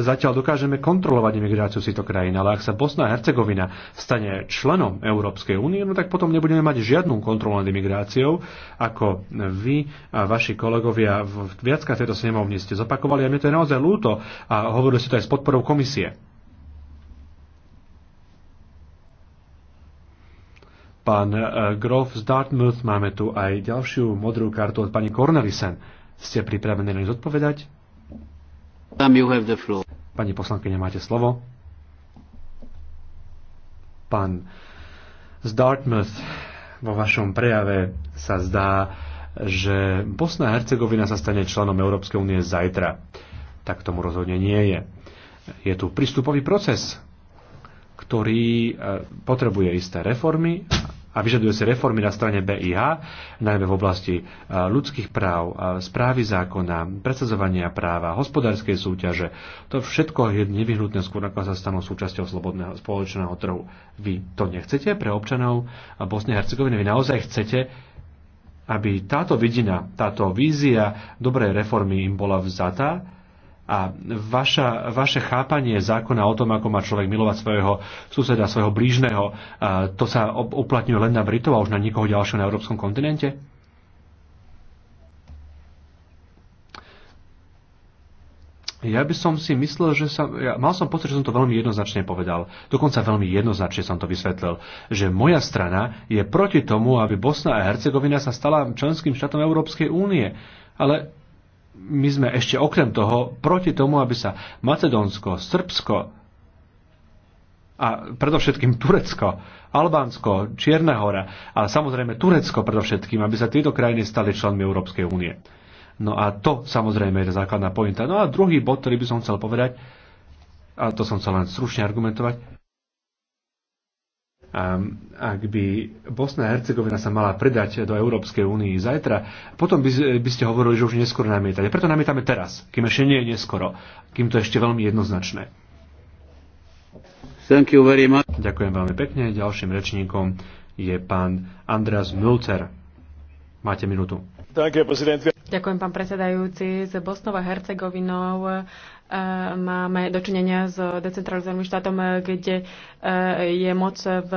zatiaľ dokážeme kontrolovať imigráciu si to krajín, ale ak sa Bosna a Hercegovina stane členom Európskej únie, no tak potom nebudeme mať žiadnu kontrolu nad imigráciou, ako vy a vaši kolegovia viacka tejto snemovni ste zopakovali a mne to je naozaj ľúto a hovorili si to aj s podporou komisie. Pán e, Grof z Dartmouth, máme tu aj ďalšiu modrú kartu od pani Cornelisen. Ste pripravení na zodpovedať? Pani poslanky máte slovo. Pán z Dartmouth, vo vašom prejave sa zdá, že Bosna a Hercegovina sa stane členom Európskej únie zajtra. Tak tomu rozhodne nie je. Je tu prístupový proces, ktorý e, potrebuje isté reformy a vyžaduje si reformy na strane BIH, najmä v oblasti e, ľudských práv, e, správy zákona, presadzovania práva, hospodárskej súťaže. To všetko je nevyhnutné skôr, ako sa stanú súčasťou slobodného spoločného trhu. Vy to nechcete pre občanov Bosne a Hercegoviny? Vy naozaj chcete aby táto vidina, táto vízia dobrej reformy im bola vzatá a vaša, vaše chápanie zákona o tom, ako má človek milovať svojho suseda, svojho blížneho, to sa uplatňuje len na Britov a už na nikoho ďalšieho na európskom kontinente? Ja by som si myslel, že sa... Ja, mal som pocit, že som to veľmi jednoznačne povedal. Dokonca veľmi jednoznačne som to vysvetlil. Že moja strana je proti tomu, aby Bosna a Hercegovina sa stala členským štátom Európskej únie. Ale my sme ešte okrem toho proti tomu, aby sa Macedónsko, Srbsko a predovšetkým Turecko, Albánsko, Čierna hora a samozrejme Turecko predovšetkým, aby sa tieto krajiny stali členmi Európskej únie. No a to samozrejme je základná pointa. No a druhý bod, ktorý by som chcel povedať, a to som chcel len stručne argumentovať, ak by Bosna a Hercegovina sa mala predať do Európskej únii zajtra, potom by, by ste hovorili, že už neskoro namietate. Preto namietame teraz, kým ešte nie je neskoro, kým to ešte veľmi jednoznačné. Thank you very much. Ďakujem veľmi pekne. Ďalším rečníkom je pán Andreas Mülzer. Máte minútu. Ďakujem, pán predsedajúci. S Bosnou a Hercegovinou Eh, máme dočinenia s decentralizovaným štátom, eh, kde eh, je moc v,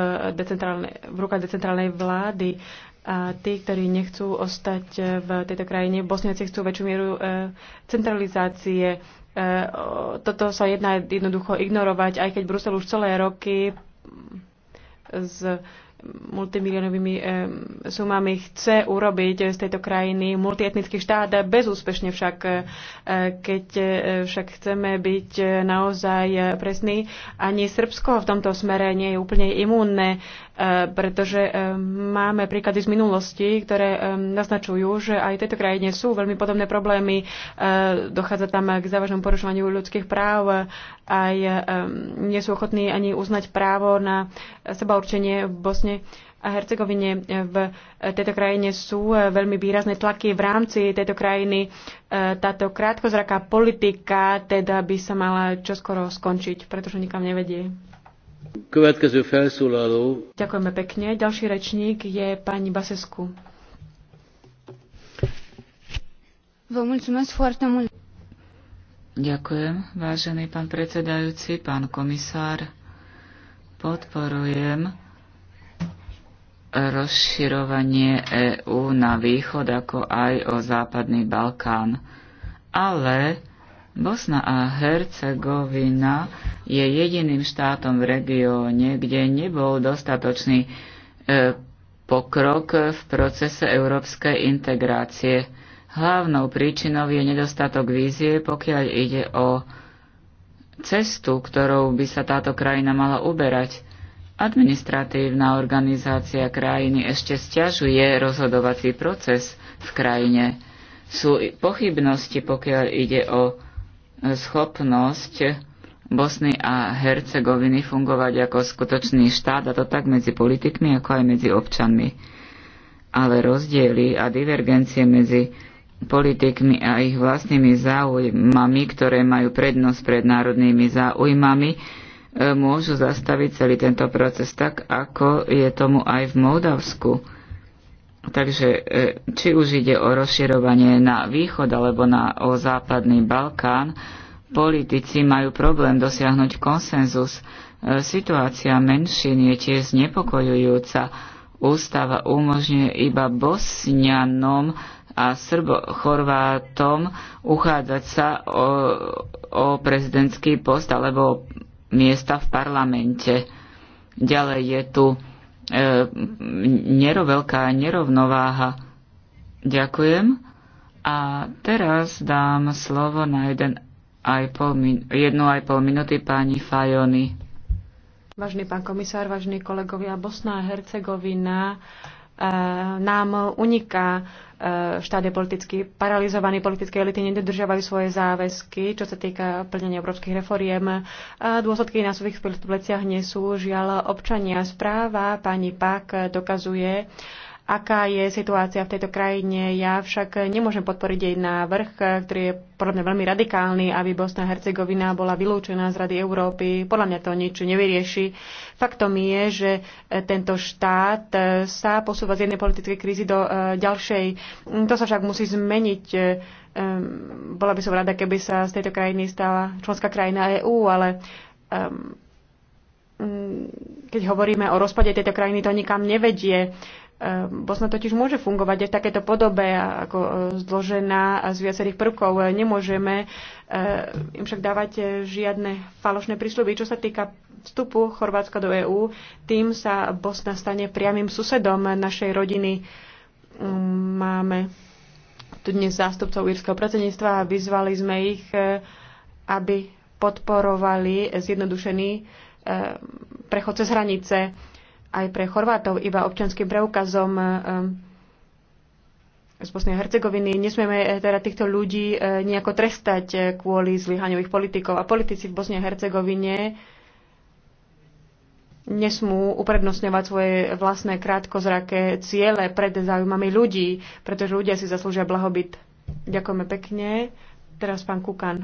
v rukách decentrálnej vlády. A tí, ktorí nechcú ostať v tejto krajine, Bosniaci chcú väčšiu mieru centralizácie. Toto sa jedná jednoducho ignorovať, aj keď Brusel už celé roky z multimilionovými eh, sumami chce urobiť z tejto krajiny multietnický štát, bezúspešne však, eh, keď eh, však chceme byť naozaj presní. Ani Srbsko v tomto smere nie je úplne imúnne. Eh, pretože eh, máme príklady z minulosti, ktoré eh, naznačujú, že aj v tejto krajine sú veľmi podobné problémy. Dochádza tam k závažnému porušovaniu ľudských práv, aj nie sú ochotní ani uznať právo na seba určenie v Bosne a Hercegovine. V tejto krajine sú veľmi výrazné tlaky v rámci tejto krajiny. Táto krátkozraká politika teda by sa mala čoskoro skončiť, pretože nikam nevedie. Ďakujeme pekne. Ďalší rečník je pani Basescu. Ďakujem, vážený pán predsedajúci, pán komisár. Podporujem rozširovanie EÚ na východ, ako aj o západný Balkán. Ale Bosna a Hercegovina je jediným štátom v regióne, kde nebol dostatočný e, pokrok v procese európskej integrácie. Hlavnou príčinou je nedostatok vízie, pokiaľ ide o cestu, ktorou by sa táto krajina mala uberať. Administratívna organizácia krajiny ešte stiažuje rozhodovací proces v krajine. Sú pochybnosti, pokiaľ ide o schopnosť Bosny a Hercegoviny fungovať ako skutočný štát, a to tak medzi politikmi, ako aj medzi občanmi. Ale rozdiely a divergencie medzi politikmi a ich vlastnými záujmami, ktoré majú prednosť pred národnými záujmami, e, môžu zastaviť celý tento proces tak, ako je tomu aj v Moldavsku Takže e, či už ide o rozširovanie na východ alebo na, o západný Balkán, politici majú problém dosiahnuť konsenzus. E, situácia menšín je tiež znepokojujúca. Ústava umožňuje iba Bosňanom a Srbo-Chorvátom uchádzať sa o, o prezidentský post alebo miesta v parlamente. Ďalej je tu E, nero, veľká nerovnováha. Ďakujem. A teraz dám slovo na jeden aj pol min- jednu aj pol minúty pani Fajony. Vážený pán komisár, vážení kolegovia, Bosna a Hercegovina E, nám uniká e, štát je politicky paralizovaný, politické elity nedodržiavajú svoje záväzky, čo sa týka plnenia európskych reforiem. A e, dôsledky na svojich pleciach nie sú žiaľ občania. Správa pani Pak dokazuje, aká je situácia v tejto krajine. Ja však nemôžem podporiť jej návrh, ktorý je podľa mňa veľmi radikálny, aby Bosna a Hercegovina bola vylúčená z Rady Európy. Podľa mňa to nič nevyrieši. Faktom je, že tento štát sa posúva z jednej politickej krízy do e, ďalšej. To sa však musí zmeniť. E, bola by som rada, keby sa z tejto krajiny stala členská krajina EÚ, ale keď hovoríme o rozpade tejto krajiny, to nikam nevedie. Ehm, Bosna totiž môže fungovať aj v takéto podobe, ako e, zložená z viacerých prvkov. E, nemôžeme e, im však dávať žiadne falošné prísľuby. Čo sa týka vstupu Chorvátska do EÚ, tým sa Bosna stane priamým susedom našej rodiny. Mm, máme tu dnes zástupcov írskeho predsedníctva a vyzvali sme ich, aby podporovali zjednodušený prechod cez hranice aj pre Chorvátov iba občanským preukazom eh, eh, z Bosnej a Hercegoviny. Nesmieme eh, teda týchto ľudí nejako trestať kvôli zlyhaniu ich politikov. A politici v Bosne a Hercegovine nesmú uprednostňovať svoje vlastné krátkozraké ciele pred záujmami ľudí, pretože ľudia si zaslúžia blahobyt. Ďakujeme pekne. Teraz pán Kukan.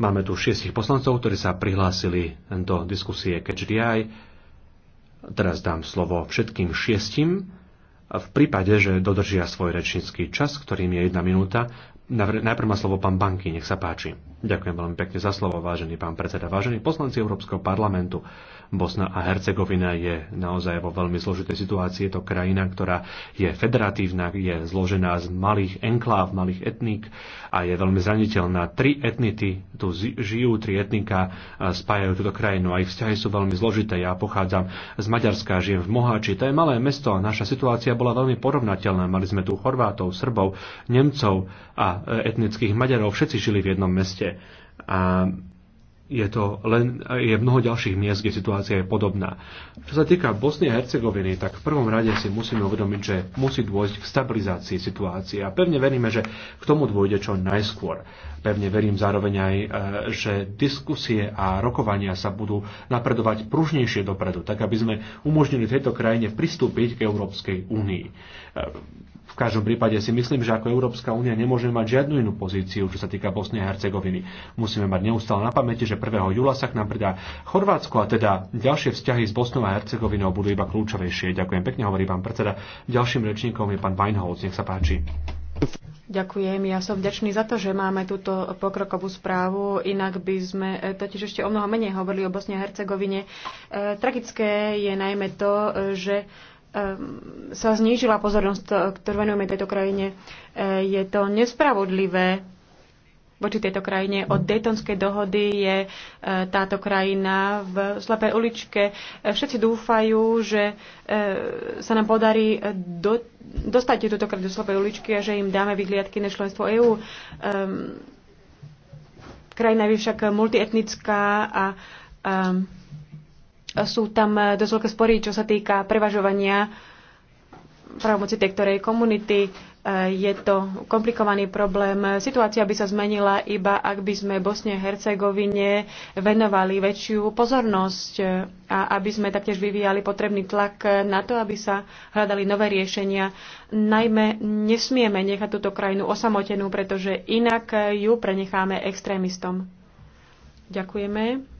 Máme tu šiestich poslancov, ktorí sa prihlásili do diskusie Catch the Eye. Teraz dám slovo všetkým šiestim. V prípade, že dodržia svoj rečnícky čas, ktorým je jedna minúta, najprv má slovo pán Banky, nech sa páči. Ďakujem veľmi pekne za slovo, vážený pán predseda. Vážení poslanci Európskeho parlamentu, Bosna a Hercegovina je naozaj vo veľmi zložitej situácii. Je to krajina, ktorá je federatívna, je zložená z malých enkláv, malých etník a je veľmi zraniteľná. Tri etnity tu žijú, tri etnika spájajú túto krajinu a ich vzťahy sú veľmi zložité. Ja pochádzam z Maďarska, žijem v Moháči. To je malé mesto a naša situácia bola veľmi porovnateľná. Mali sme tu Chorvátov, Srbov, Nemcov a e, etnických Maďarov. Všetci žili v jednom meste. A je, to len, je mnoho ďalších miest, kde situácia je podobná. Čo sa týka Bosny a Hercegoviny, tak v prvom rade si musíme uvedomiť, že musí dôjsť k stabilizácii situácie a pevne veríme, že k tomu dôjde čo najskôr. Pevne verím zároveň aj, e, že diskusie a rokovania sa budú napredovať pružnejšie dopredu, tak aby sme umožnili tejto krajine pristúpiť k Európskej únii e, v každom prípade si myslím, že ako Európska únia nemôžeme mať žiadnu inú pozíciu, čo sa týka Bosny a Hercegoviny. Musíme mať neustále na pamäti, že 1. júla sa k nám pridá Chorvátsko a teda ďalšie vzťahy s Bosnou a Hercegovinou budú iba kľúčovejšie. Ďakujem pekne, hovorí pán predseda. Ďalším rečníkom je pán Weinholz. Nech sa páči. Ďakujem. Ja som vďačný za to, že máme túto pokrokovú správu. Inak by sme e, totiž ešte o mnoho menej hovorili o Bosne a Hercegovine. E, tragické je najmä to, e, že sa znížila pozornosť, e, ktorú venujeme tejto krajine. E, je to nespravodlivé voči tejto krajine. Od Daytonskej dohody je e, táto krajina v slepej uličke. Všetci dúfajú, že sa nám podarí do, dostať túto krajinu do slepej uličky a že im dáme vyhliadky na členstvo EÚ. Krajina je však multietnická a sú tam eh, dosť veľké spory, čo sa týka prevažovania pravomoci tej ktorej komunity. Eh, je to komplikovaný problém. Situácia by sa zmenila iba, ak by sme Bosne a Hercegovine venovali väčšiu pozornosť eh, a aby sme taktiež vyvíjali potrebný tlak na to, aby sa hľadali nové riešenia. Najmä nesmieme nechať túto krajinu osamotenú, pretože inak ju prenecháme extrémistom. Ďakujeme.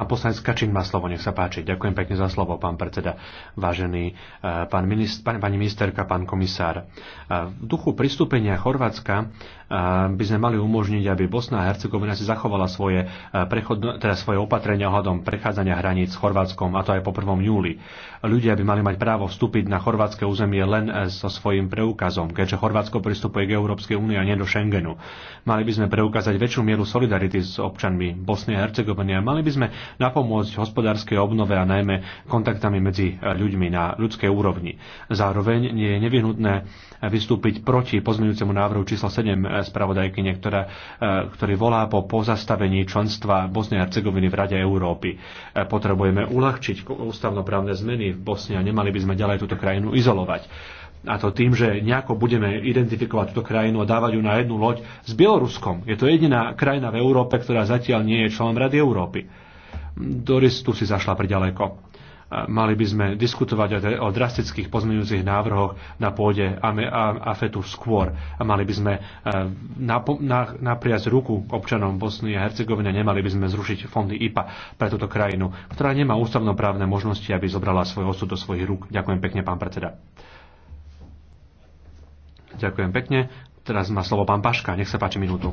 A poslanec Kačín má slovo, nech sa páči. Ďakujem pekne za slovo, pán predseda, vážený e, pán minister, pán, pani ministerka, pán komisár. E, v duchu pristúpenia Chorvátska e, by sme mali umožniť, aby Bosna a Hercegovina si zachovala svoje, prechod, teda svoje opatrenia ohľadom prechádzania hraníc s Chorvátskom, a to aj po 1. júli. Ľudia by mali mať právo vstúpiť na chorvátske územie len so svojím preukazom, keďže Chorvátsko pristupuje k Európskej únii a nie do Schengenu. Mali by sme preukázať väčšiu mieru solidarity s občanmi Bosny a Hercegoviny a mali by sme napomôcť hospodárskej obnove a najmä kontaktami medzi e, ľuďmi na ľudskej úrovni. Zároveň nie je nevyhnutné vystúpiť proti pozmeňujúcemu návrhu číslo 7 e, spravodajky, ktorá, e, ktorý volá po pozastavení členstva Bosnej a Hercegoviny v Rade Európy. Potrebujeme uľahčiť ústavnoprávne zmeny v Bosne a nemali by sme ďalej túto krajinu izolovať. A to tým, že nejako budeme identifikovať túto krajinu a dávať ju na jednu loď s Bieloruskom. Je to jediná krajina v Európe, ktorá zatiaľ nie je členom Rady Európy. Doris tu si zašla priďaleko e, mali by sme diskutovať o drastických pozmeňujúcich návrhoch na pôde AFETu skôr. A mali by sme e, napriať ruku občanom Bosny a Hercegovine, nemali by sme zrušiť fondy IPA pre túto krajinu, ktorá nemá ústavnoprávne možnosti, aby zobrala svoj osud do svojich rúk. Ďakujem pekne, pán predseda. Ďakujem pekne. Teraz má slovo pán Paška. Nech sa páči minútu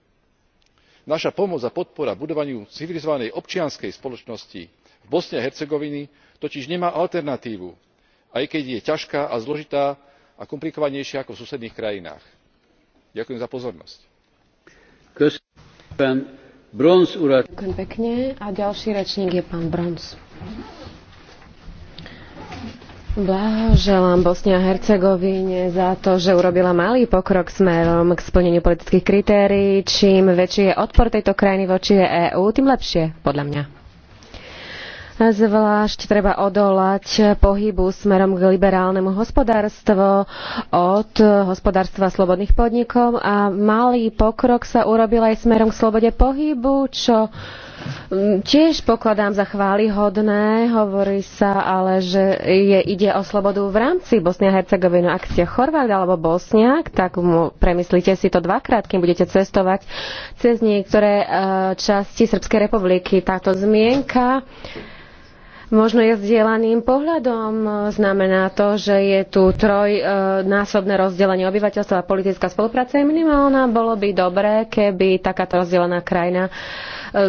naša pomoc a podpora budovaniu civilizovanej občianskej spoločnosti v bosne a hercegovine totiž nemá alternatívu aj keď je ťažká a zložitá a komplikovanejšia ako v susedných krajinách. ďakujem za pozornosť. ďakujem pekne a ďalší rečník je pán Blahoželám Bosne a Hercegovine za to, že urobila malý pokrok smerom k splneniu politických kritérií. Čím väčší je odpor tejto krajiny voči EÚ, tým lepšie, podľa mňa. Zvlášť treba odolať pohybu smerom k liberálnemu hospodárstvu od hospodárstva slobodných podnikov a malý pokrok sa urobil aj smerom k slobode pohybu, čo Mm, tiež pokladám za chválihodné. Hovorí sa ale, že je, ide o slobodu v rámci Bosnia a Hercegoviny. Ak ste Chorvát alebo Bosniak, tak mu, premyslite si to dvakrát, kým budete cestovať cez niektoré eh, časti Srbskej republiky. Táto zmienka uh, možno je vzdielaným pohľadom. Znamená to, že je tu trojnásobné e, rozdelenie obyvateľstva a politická spolupráca je minimálna. Bolo by dobré, keby takáto rozdelená krajina e,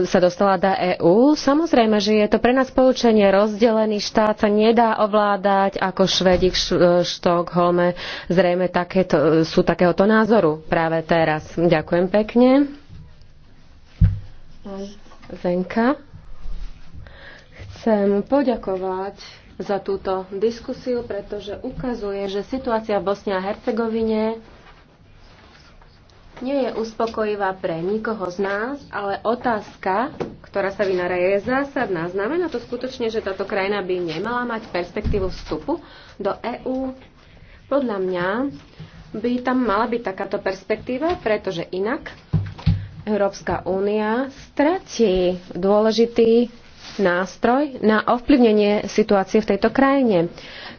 sa dostala do EÚ. Samozrejme, že je to pre nás poučenie. Rozdelený štát sa nedá ovládať ako Švedik, v e, Štokholme. Zrejme takéto, sú takéhoto názoru práve teraz. Ďakujem pekne. Zenka chcem poďakovať za túto diskusiu, pretože ukazuje, že situácia v Bosne a Hercegovine nie je uspokojivá pre nikoho z nás, ale otázka, ktorá sa vynára, je zásadná. Znamená to skutočne, že táto krajina by nemala mať perspektívu vstupu do EÚ? Podľa mňa by tam mala byť takáto perspektíva, pretože inak Európska únia stratí dôležitý nástroj na ovplyvnenie situácie v tejto krajine.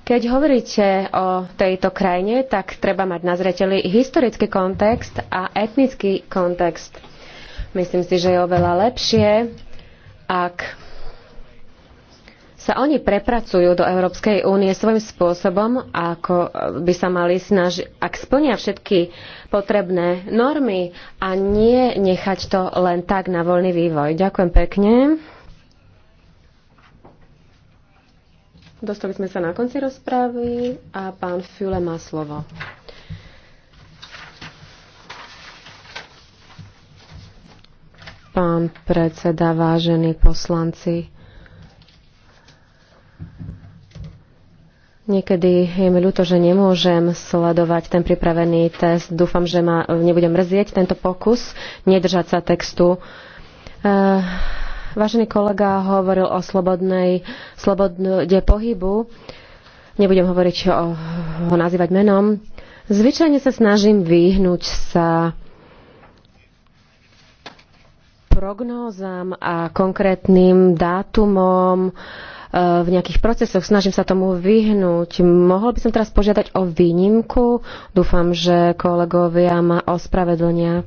Keď hovoríte o tejto krajine, tak treba mať na zreteli historický kontext a etnický kontext. Myslím si, že je oveľa lepšie, ak sa oni prepracujú do Európskej únie svojím spôsobom, ako by sa mali snažiť, ak splnia všetky potrebné normy a nie nechať to len tak na voľný vývoj. Ďakujem pekne. Dostali sme sa na konci rozprávy a pán Füle má slovo. Pán predseda, vážení poslanci, Niekedy je mi ľúto, že nemôžem sledovať ten pripravený test. Dúfam, že ma nebudem mrzieť tento pokus nedržať sa textu. Uh, Vážený kolega hovoril o slobodnej, slobode pohybu. Nebudem hovoriť, o, ho nazývať menom. Zvyčajne sa snažím vyhnúť sa prognózam a konkrétnym dátumom e, v nejakých procesoch. Snažím sa tomu vyhnúť. Mohol by som teraz požiadať o výnimku. Dúfam, že kolegovia ma ospravedlnia.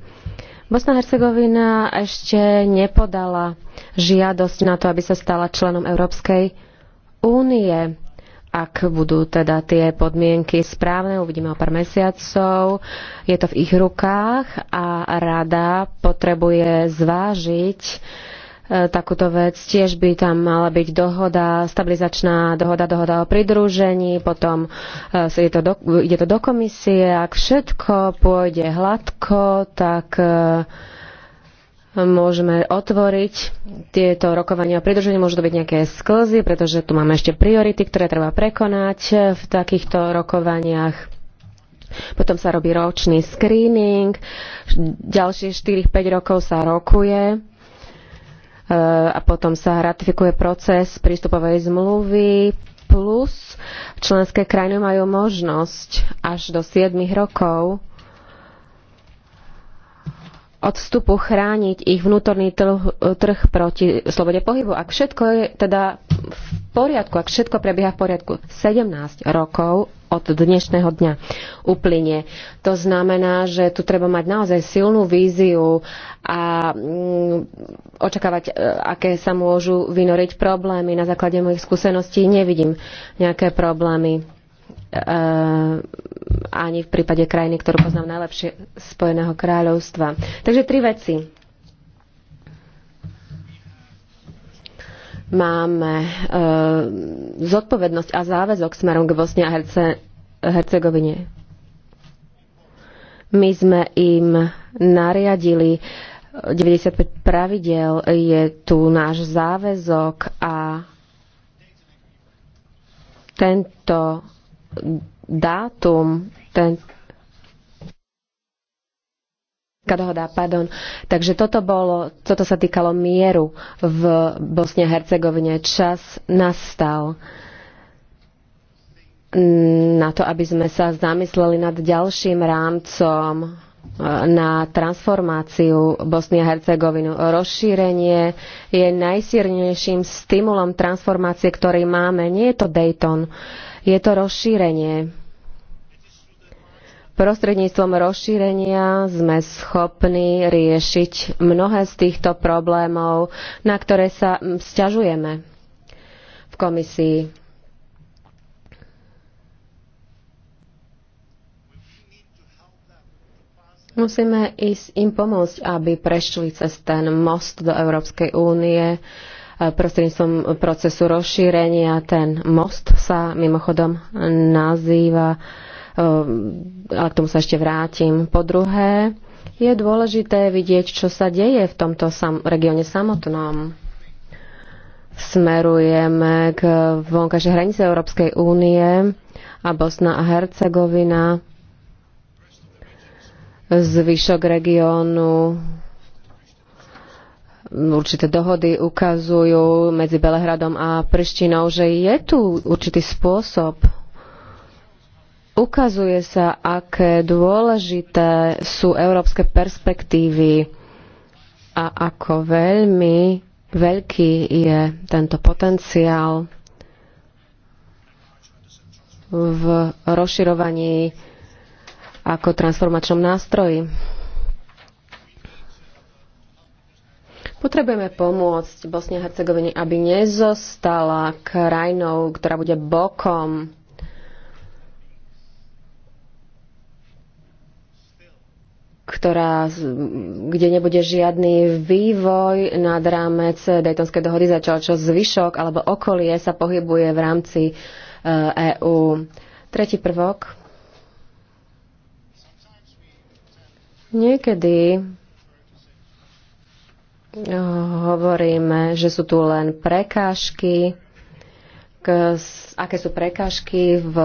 Bosna Hercegovina ešte nepodala žiadosť na to, aby sa stala členom Európskej únie. Ak budú teda tie podmienky správne, uvidíme o pár mesiacov, je to v ich rukách a rada potrebuje zvážiť E, takúto vec. Tiež by tam mala byť dohoda, stabilizačná dohoda, dohoda o pridružení, potom e, je to do, ide to do komisie. Ak všetko pôjde hladko, tak e, môžeme otvoriť tieto rokovania o pridružení. Môžu to byť nejaké sklzy, pretože tu máme ešte priority, ktoré treba prekonať v takýchto rokovaniach. Potom sa robí ročný screening, ďalšie 4-5 rokov sa rokuje Eh, a potom sa ratifikuje proces prístupovej zmluvy plus členské krajiny majú možnosť až do 7 rokov od vstupu chrániť ich vnútorný trh, trh proti slobode pohybu. Ak všetko je teda v poriadku, ak všetko prebieha v poriadku 17 rokov od dnešného dňa uplynie. To znamená, že tu treba mať naozaj silnú víziu a mm, očakávať, e, aké sa môžu vynoriť problémy. Na základe mojich skúseností nevidím nejaké problémy e, ani v prípade krajiny, ktorú poznám najlepšie, Spojeného kráľovstva. Takže tri veci máme e, zodpovednosť a záväzok smerom k Bosne a Herce, Hercegovine. My sme im nariadili 95 eh, pravidel, je tu náš záväzok a tento dátum, tento dohoda, pardon. Takže toto, bolo, toto sa týkalo mieru v Bosne a Hercegovine. Čas nastal na to, aby sme sa zamysleli nad ďalším rámcom e, na transformáciu Bosny a Hercegovinu. Rozšírenie je najsiernejším stimulom transformácie, ktorý máme. Nie je to Dayton, je to rozšírenie Prostredníctvom rozšírenia sme schopní riešiť mnohé z týchto problémov, na ktoré sa sťažujeme v komisii. Musíme ísť im pomôcť, aby prešli cez ten most do Európskej únie e, prostredníctvom procesu rozšírenia. Ten most sa mimochodom nazýva uh, Ehm, ale k tomu sa ešte vrátim. Po druhé, je dôležité vidieť, čo sa deje v tomto sam- regióne samotnom. Smerujeme k vonkajšej hranice Európskej únie a Bosna a Hercegovina, zvyšok regiónu určité dohody ukazujú medzi Belehradom a Prštinou, že je tu určitý spôsob Ukazuje sa, aké dôležité sú európske perspektívy a ako veľmi veľký je tento potenciál v rozširovaní ako transformačnom nástroji. Potrebujeme pomôcť Bosne a Hercegovine, aby nezostala krajinou, ktorá bude bokom ktorá, kde nebude žiadny vývoj nad rámec Daytonskej dohody, začal čo zvyšok alebo okolie sa pohybuje v rámci EÚ. E Tretí prvok. Niekedy e, hovoríme, že sú tu len prekážky, aké sú prekážky v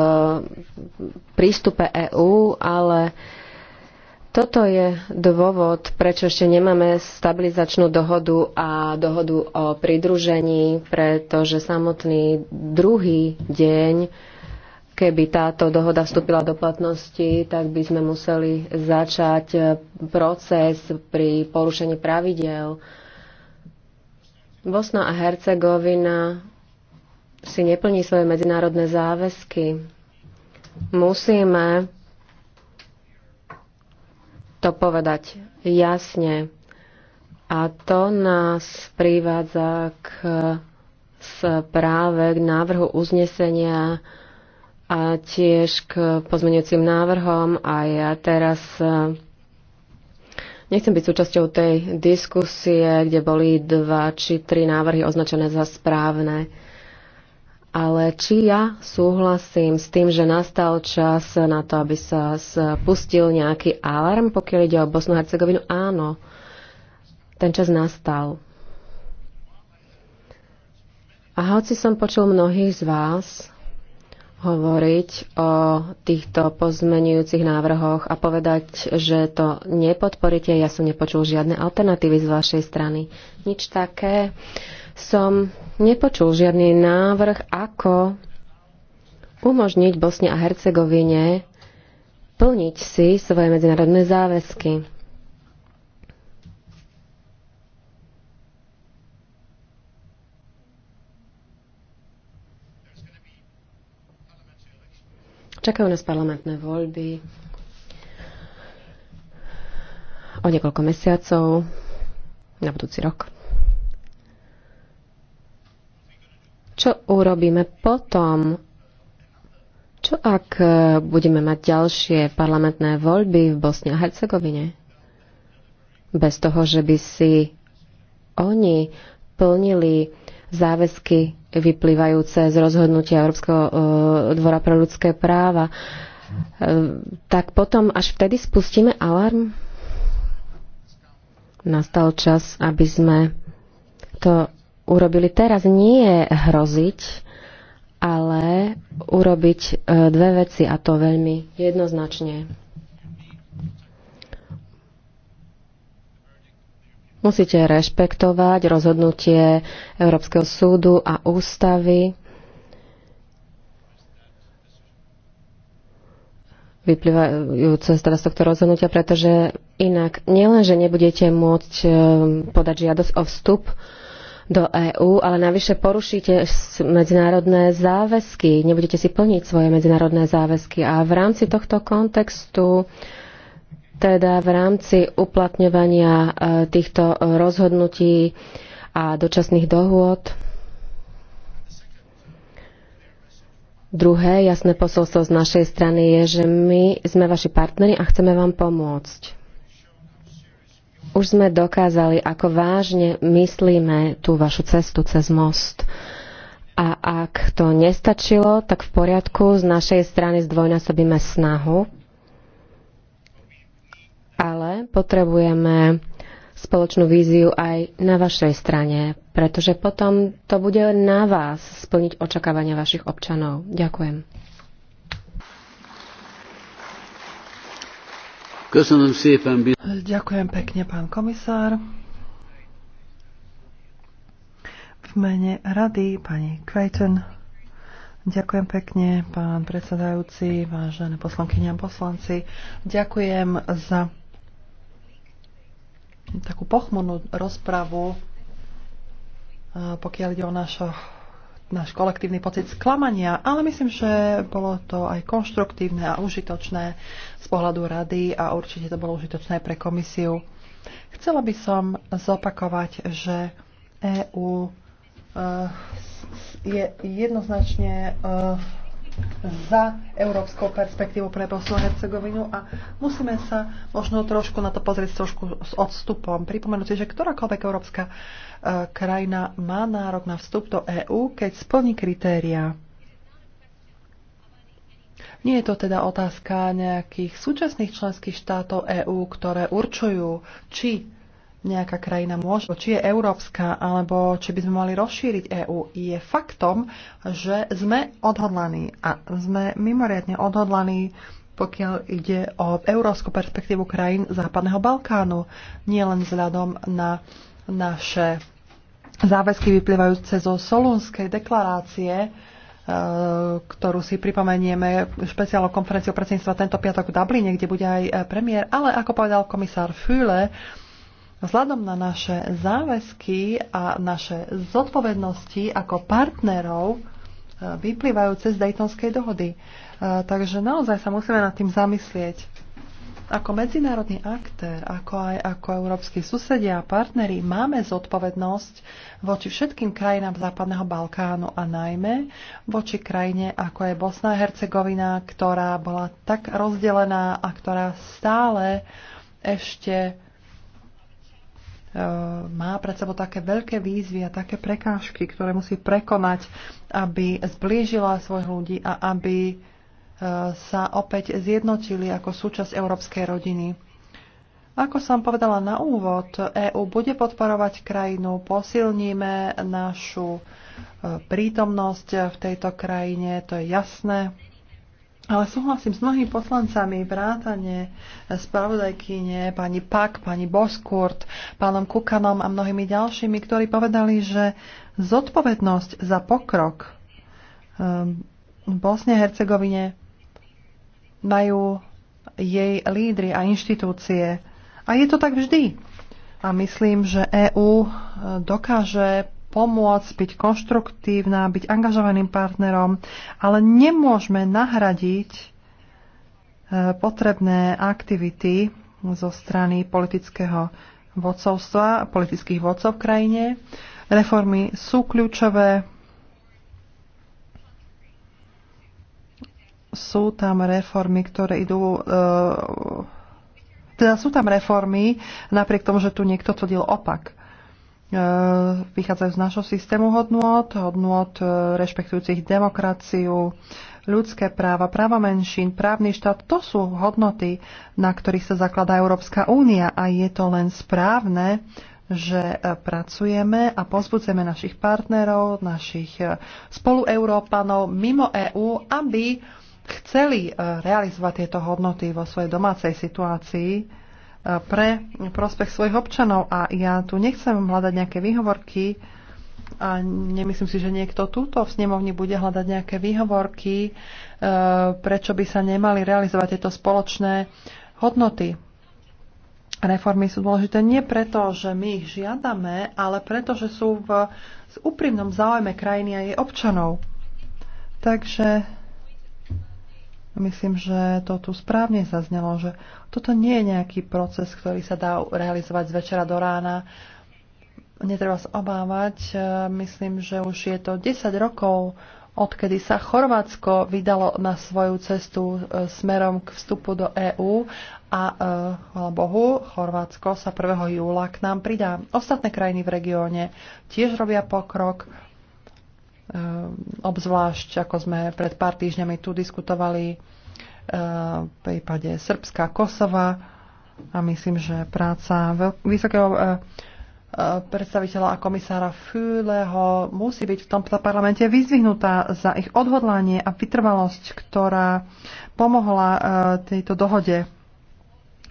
prístupe EÚ, ale toto je dôvod, prečo ešte nemáme stabilizačnú dohodu a dohodu o pridružení, pretože samotný druhý deň, keby táto dohoda vstúpila do platnosti, tak by sme museli začať proces pri porušení pravidel. Bosna a Hercegovina si neplní svoje medzinárodné záväzky. Musíme to povedať jasne. A to nás privádza k správe, k návrhu uznesenia a tiež k pozmeňujúcim návrhom. A ja teraz e, nechcem byť súčasťou tej diskusie, kde boli dva či tri návrhy označené za správne ale či ja súhlasím s tým, že nastal čas na to, aby sa spustil nejaký alarm, pokiaľ ide o Bosnu Hercegovinu? Áno, ten čas nastal. A hoci som počul mnohých z vás hovoriť o týchto pozmenujúcich návrhoch a povedať, že to nepodporíte, ja som nepočul žiadne alternatívy z vašej strany. Nič také. Uh, som nepočul žiadny návrh, ako umožniť Bosne a Hercegovine plniť si svoje medzinárodné záväzky. Čakajú nás parlamentné voľby o niekoľko mesiacov na budúci rok. Čo urobíme potom? Čo ak e, budeme mať ďalšie parlamentné voľby v Bosne a Hercegovine? Bez toho, že by si oni plnili záväzky vyplývajúce z rozhodnutia Európskeho e, dvora pre ľudské práva, e, tak potom až vtedy spustíme alarm? Nastal čas, aby sme to urobili teraz, nie je hroziť, ale urobiť e, dve veci a to veľmi jednoznačne. Musíte rešpektovať rozhodnutie Európskeho súdu a ústavy. vyplývajúce z teraz tohto rozhodnutia, pretože inak nielenže nebudete môcť e, podať žiadosť o vstup, do EÚ, ale navyše porušíte medzinárodné záväzky, nebudete si plniť svoje medzinárodné záväzky. A v rámci tohto kontextu, teda v rámci uplatňovania e, týchto rozhodnutí a dočasných dohôd, Druhé jasné posolstvo z našej strany je, že my sme vaši partneri a chceme vám pomôcť už sme dokázali, ako vážne myslíme tú vašu cestu cez most. A ak to nestačilo, tak v poriadku, z našej strany zdvojnásobíme snahu, ale potrebujeme spoločnú víziu aj na vašej strane, pretože potom to bude na vás splniť očakávania vašich občanov. Ďakujem. Ďakujem pekne, pán komisár. V mene rady pani Creighton. Ďakujem pekne, pán predsedajúci, vážené poslankyne a poslanci. Ďakujem za takú pochmurnú rozpravu, pokiaľ ide o našo náš kolektívny pocit sklamania, ale myslím, že bolo to aj konštruktívne a užitočné z pohľadu rady a určite to bolo užitočné pre komisiu. Chcela by som zopakovať, že EÚ eh, je jednoznačne eh, za európskou perspektívu pre Bosnu a Hercegovinu a musíme sa možno trošku na to pozrieť trošku s odstupom. Pripomenúť si, že ktorákoľvek európska e, krajina má nárok na vstup do EÚ, keď splní kritéria. Nie je to teda otázka nejakých súčasných členských štátov EÚ, ktoré určujú, či nejaká krajina môže, či je európska, alebo či by sme mali rozšíriť EÚ, je faktom, že sme odhodlaní a sme mimoriadne odhodlaní pokiaľ ide o európsku perspektívu krajín Západného Balkánu, nielen vzhľadom na naše záväzky vyplývajúce zo Solúnskej deklarácie, e, ktorú si pripomenieme špeciálnou konferenciou predsedníctva tento piatok v Dubline, kde bude aj premiér, ale ako povedal komisár Füle, Vzhľadom na naše záväzky a naše zodpovednosti ako partnerov e, vyplývajúce z Daytonskej dohody. E, takže naozaj sa musíme nad tým zamyslieť. Ako medzinárodný aktér, ako aj ako európsky susedia a partneri máme zodpovednosť voči všetkým krajinám Západného Balkánu a najmä voči krajine ako je Bosna a Hercegovina, ktorá bola tak rozdelená a ktorá stále ešte E, má pred sebou také veľké výzvy a také prekážky, ktoré musí prekonať, aby zblížila svojich ľudí a aby e, sa opäť zjednotili ako súčasť európskej rodiny. Ako som povedala na úvod, EÚ bude podporovať krajinu, posilníme našu e, prítomnosť v tejto krajine, to je jasné. Ale súhlasím s mnohými poslancami, vrátane spravodajkyne, pani Pak, pani Boskurt, pánom Kukanom a mnohými ďalšími, ktorí povedali, že zodpovednosť za pokrok ehm, v Bosne a Hercegovine majú jej lídry a inštitúcie. A je to tak vždy. A myslím, že EÚ dokáže pomôcť, byť konštruktívna, byť angažovaným partnerom, ale nemôžeme nahradiť e, potrebné aktivity zo strany politického vodcovstva, politických vodcov v krajine. Reformy sú kľúčové. Sú tam reformy, ktoré idú e, teda sú tam reformy, napriek tomu, že tu niekto tvrdil opak. E, vychádzajú z našho systému hodnot, hodnot, e, rešpektujúcich demokraciu, ľudské práva, práva menšín, právny štát. To sú hodnoty, na ktorých sa zakladá Európska únia a je to len správne, že e, pracujeme a pozbudzeme našich partnerov, našich spolueurópanov mimo EÚ, aby chceli realizovať tieto hodnoty vo svojej domácej situácii pre prospech svojich občanov. A ja tu nechcem hľadať nejaké výhovorky a nemyslím si, že niekto túto v snemovni bude hľadať nejaké výhovorky, e, prečo by sa nemali realizovať tieto spoločné hodnoty. Reformy sú dôležité nie preto, že my ich žiadame, ale preto, že sú v úprimnom záujme krajiny a jej občanov. Takže Myslím, že to tu správne zaznelo, že toto nie je nejaký proces, ktorý sa dá realizovať z večera do rána. Netreba sa obávať. Myslím, že už je to 10 rokov, odkedy sa Chorvátsko vydalo na svoju cestu e, smerom k vstupu do EÚ a e, chvala Bohu, Chorvátsko sa 1. júla k nám pridá. Ostatné krajiny v regióne tiež robia pokrok Ehm, obzvlášť ako sme pred pár týždňami tu diskutovali ehm, v prípade Srbska, Kosova a myslím, že práca vysokého ehm, predstaviteľa a komisára Füleho musí byť v tomto parlamente vyzvihnutá za ich odhodlanie a vytrvalosť, ktorá pomohla tejto dohode.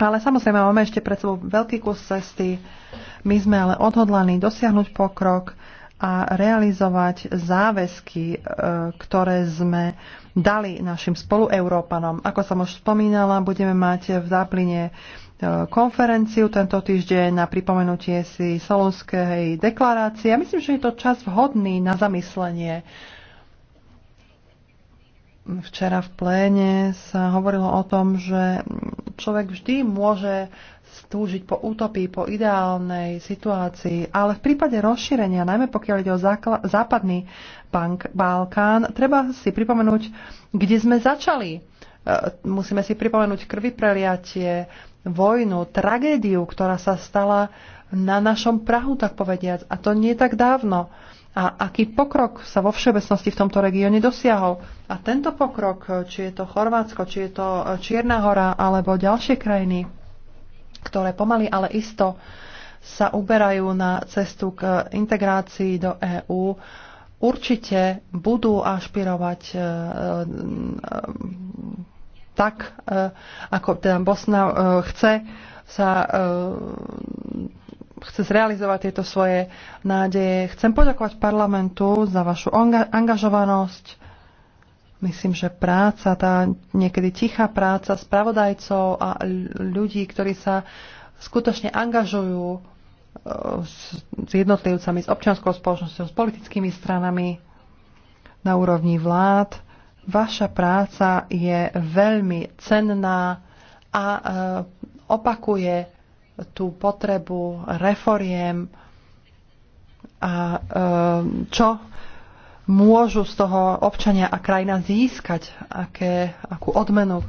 Ale samozrejme máme ešte pred sebou veľký kus cesty. My sme ale odhodlaní dosiahnuť pokrok a realizovať záväzky, e, ktoré sme dali našim spolueurópanom. Ako som už spomínala, budeme mať v Zápline e, konferenciu tento týždeň na pripomenutie si Solonskej deklarácie. Ja myslím, že je to čas vhodný na zamyslenie. Včera v pléne sa hovorilo o tom, že človek vždy môže stúžiť po utopii, po ideálnej situácii, ale v prípade rozšírenia, najmä pokiaľ ide o západný bank, Balkán, treba si pripomenúť, kde sme začali. E, musíme si pripomenúť krvi preliatie, vojnu, tragédiu, ktorá sa stala na našom Prahu, tak povediac, a to nie tak dávno. A aký pokrok sa vo všeobecnosti v tomto regióne dosiahol. A tento pokrok, či je to Chorvátsko, či je to Čierna hora alebo ďalšie krajiny, ktoré pomaly, ale isto sa uberajú na cestu k integrácii do EÚ, určite budú ašpirovať e, e, tak, e, ako teda Bosna chce sa chce zrealizovať tieto svoje nádeje. Chcem poďakovať parlamentu za vašu angažovanosť, Myslím, že práca, tá niekedy tichá práca spravodajcov a ľudí, ktorí sa skutočne angažujú e, s jednotlivcami, s občianskou spoločnosťou, s politickými stranami na úrovni vlád. Vaša práca je veľmi cenná a e, opakuje tú potrebu reforiem a e, čo môžu z toho občania a krajina získať, aké, akú odmenu.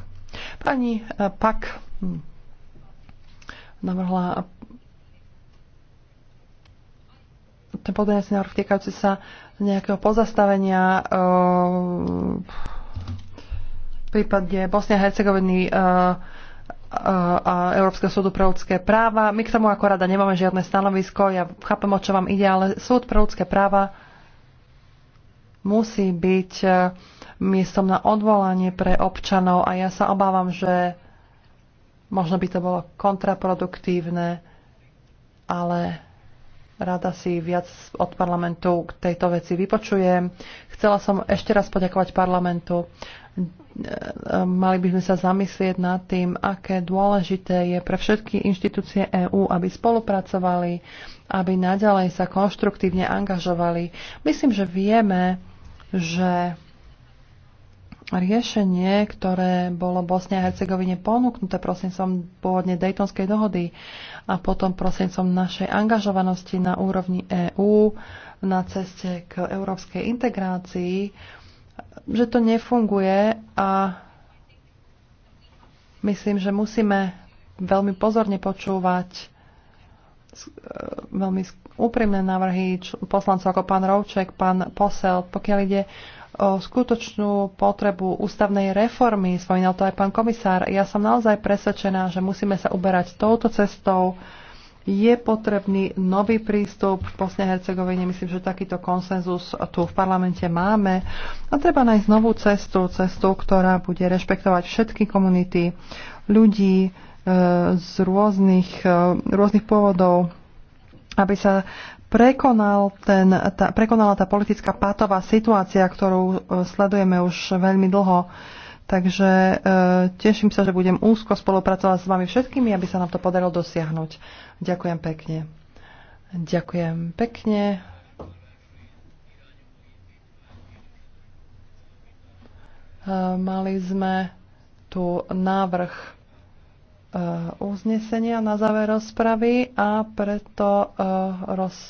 Pani eh, Pak hm, navrhla ten podmienečný návrh týkajúci sa nejakého pozastavenia v eh, prípade Bosnia a Hercegoviny eh, a Európskeho súdu pre ľudské práva. My k tomu ako rada nemáme žiadne stanovisko, ja chápem, o čo vám ide, ale súd pre ľudské práva musí byť e, miestom na odvolanie pre občanov a ja sa obávam, že možno by to bolo kontraproduktívne, ale rada si viac od parlamentu k tejto veci vypočujem. Chcela som ešte raz poďakovať parlamentu. E, e, mali by sme sa zamyslieť nad tým, aké dôležité je pre všetky inštitúcie EÚ, aby spolupracovali, aby naďalej sa konštruktívne angažovali. Myslím, že vieme, že riešenie, ktoré bolo Bosne a Hercegovine ponúknuté som pôvodne Daytonskej dohody a potom som našej angažovanosti na úrovni EÚ na ceste k európskej integrácii, že to nefunguje a myslím, že musíme veľmi pozorne počúvať E, veľmi úprimné návrhy poslancov ako pán Rovček, pán Posel, pokiaľ ide o skutočnú potrebu ústavnej reformy, spomínal to aj pán komisár. Ja som naozaj presvedčená, že musíme sa uberať touto cestou. Je potrebný nový prístup v Bosne Hercegovine. Myslím, že takýto konsenzus tu v parlamente máme. A treba nájsť novú cestu, cestu, ktorá bude rešpektovať všetky komunity ľudí, z rôznych, e, rôznych pôvodov, aby sa prekonal ten, tá, prekonala tá politická pátová situácia, ktorú e, sledujeme už veľmi dlho. Takže e, teším sa, že budem úzko spolupracovať s vami všetkými, aby sa nám to podarilo dosiahnuť. Ďakujem pekne. Ďakujem pekne. E, mali sme tu návrh Eh, uznesenia na záver rozpravy a preto eh, rozprávu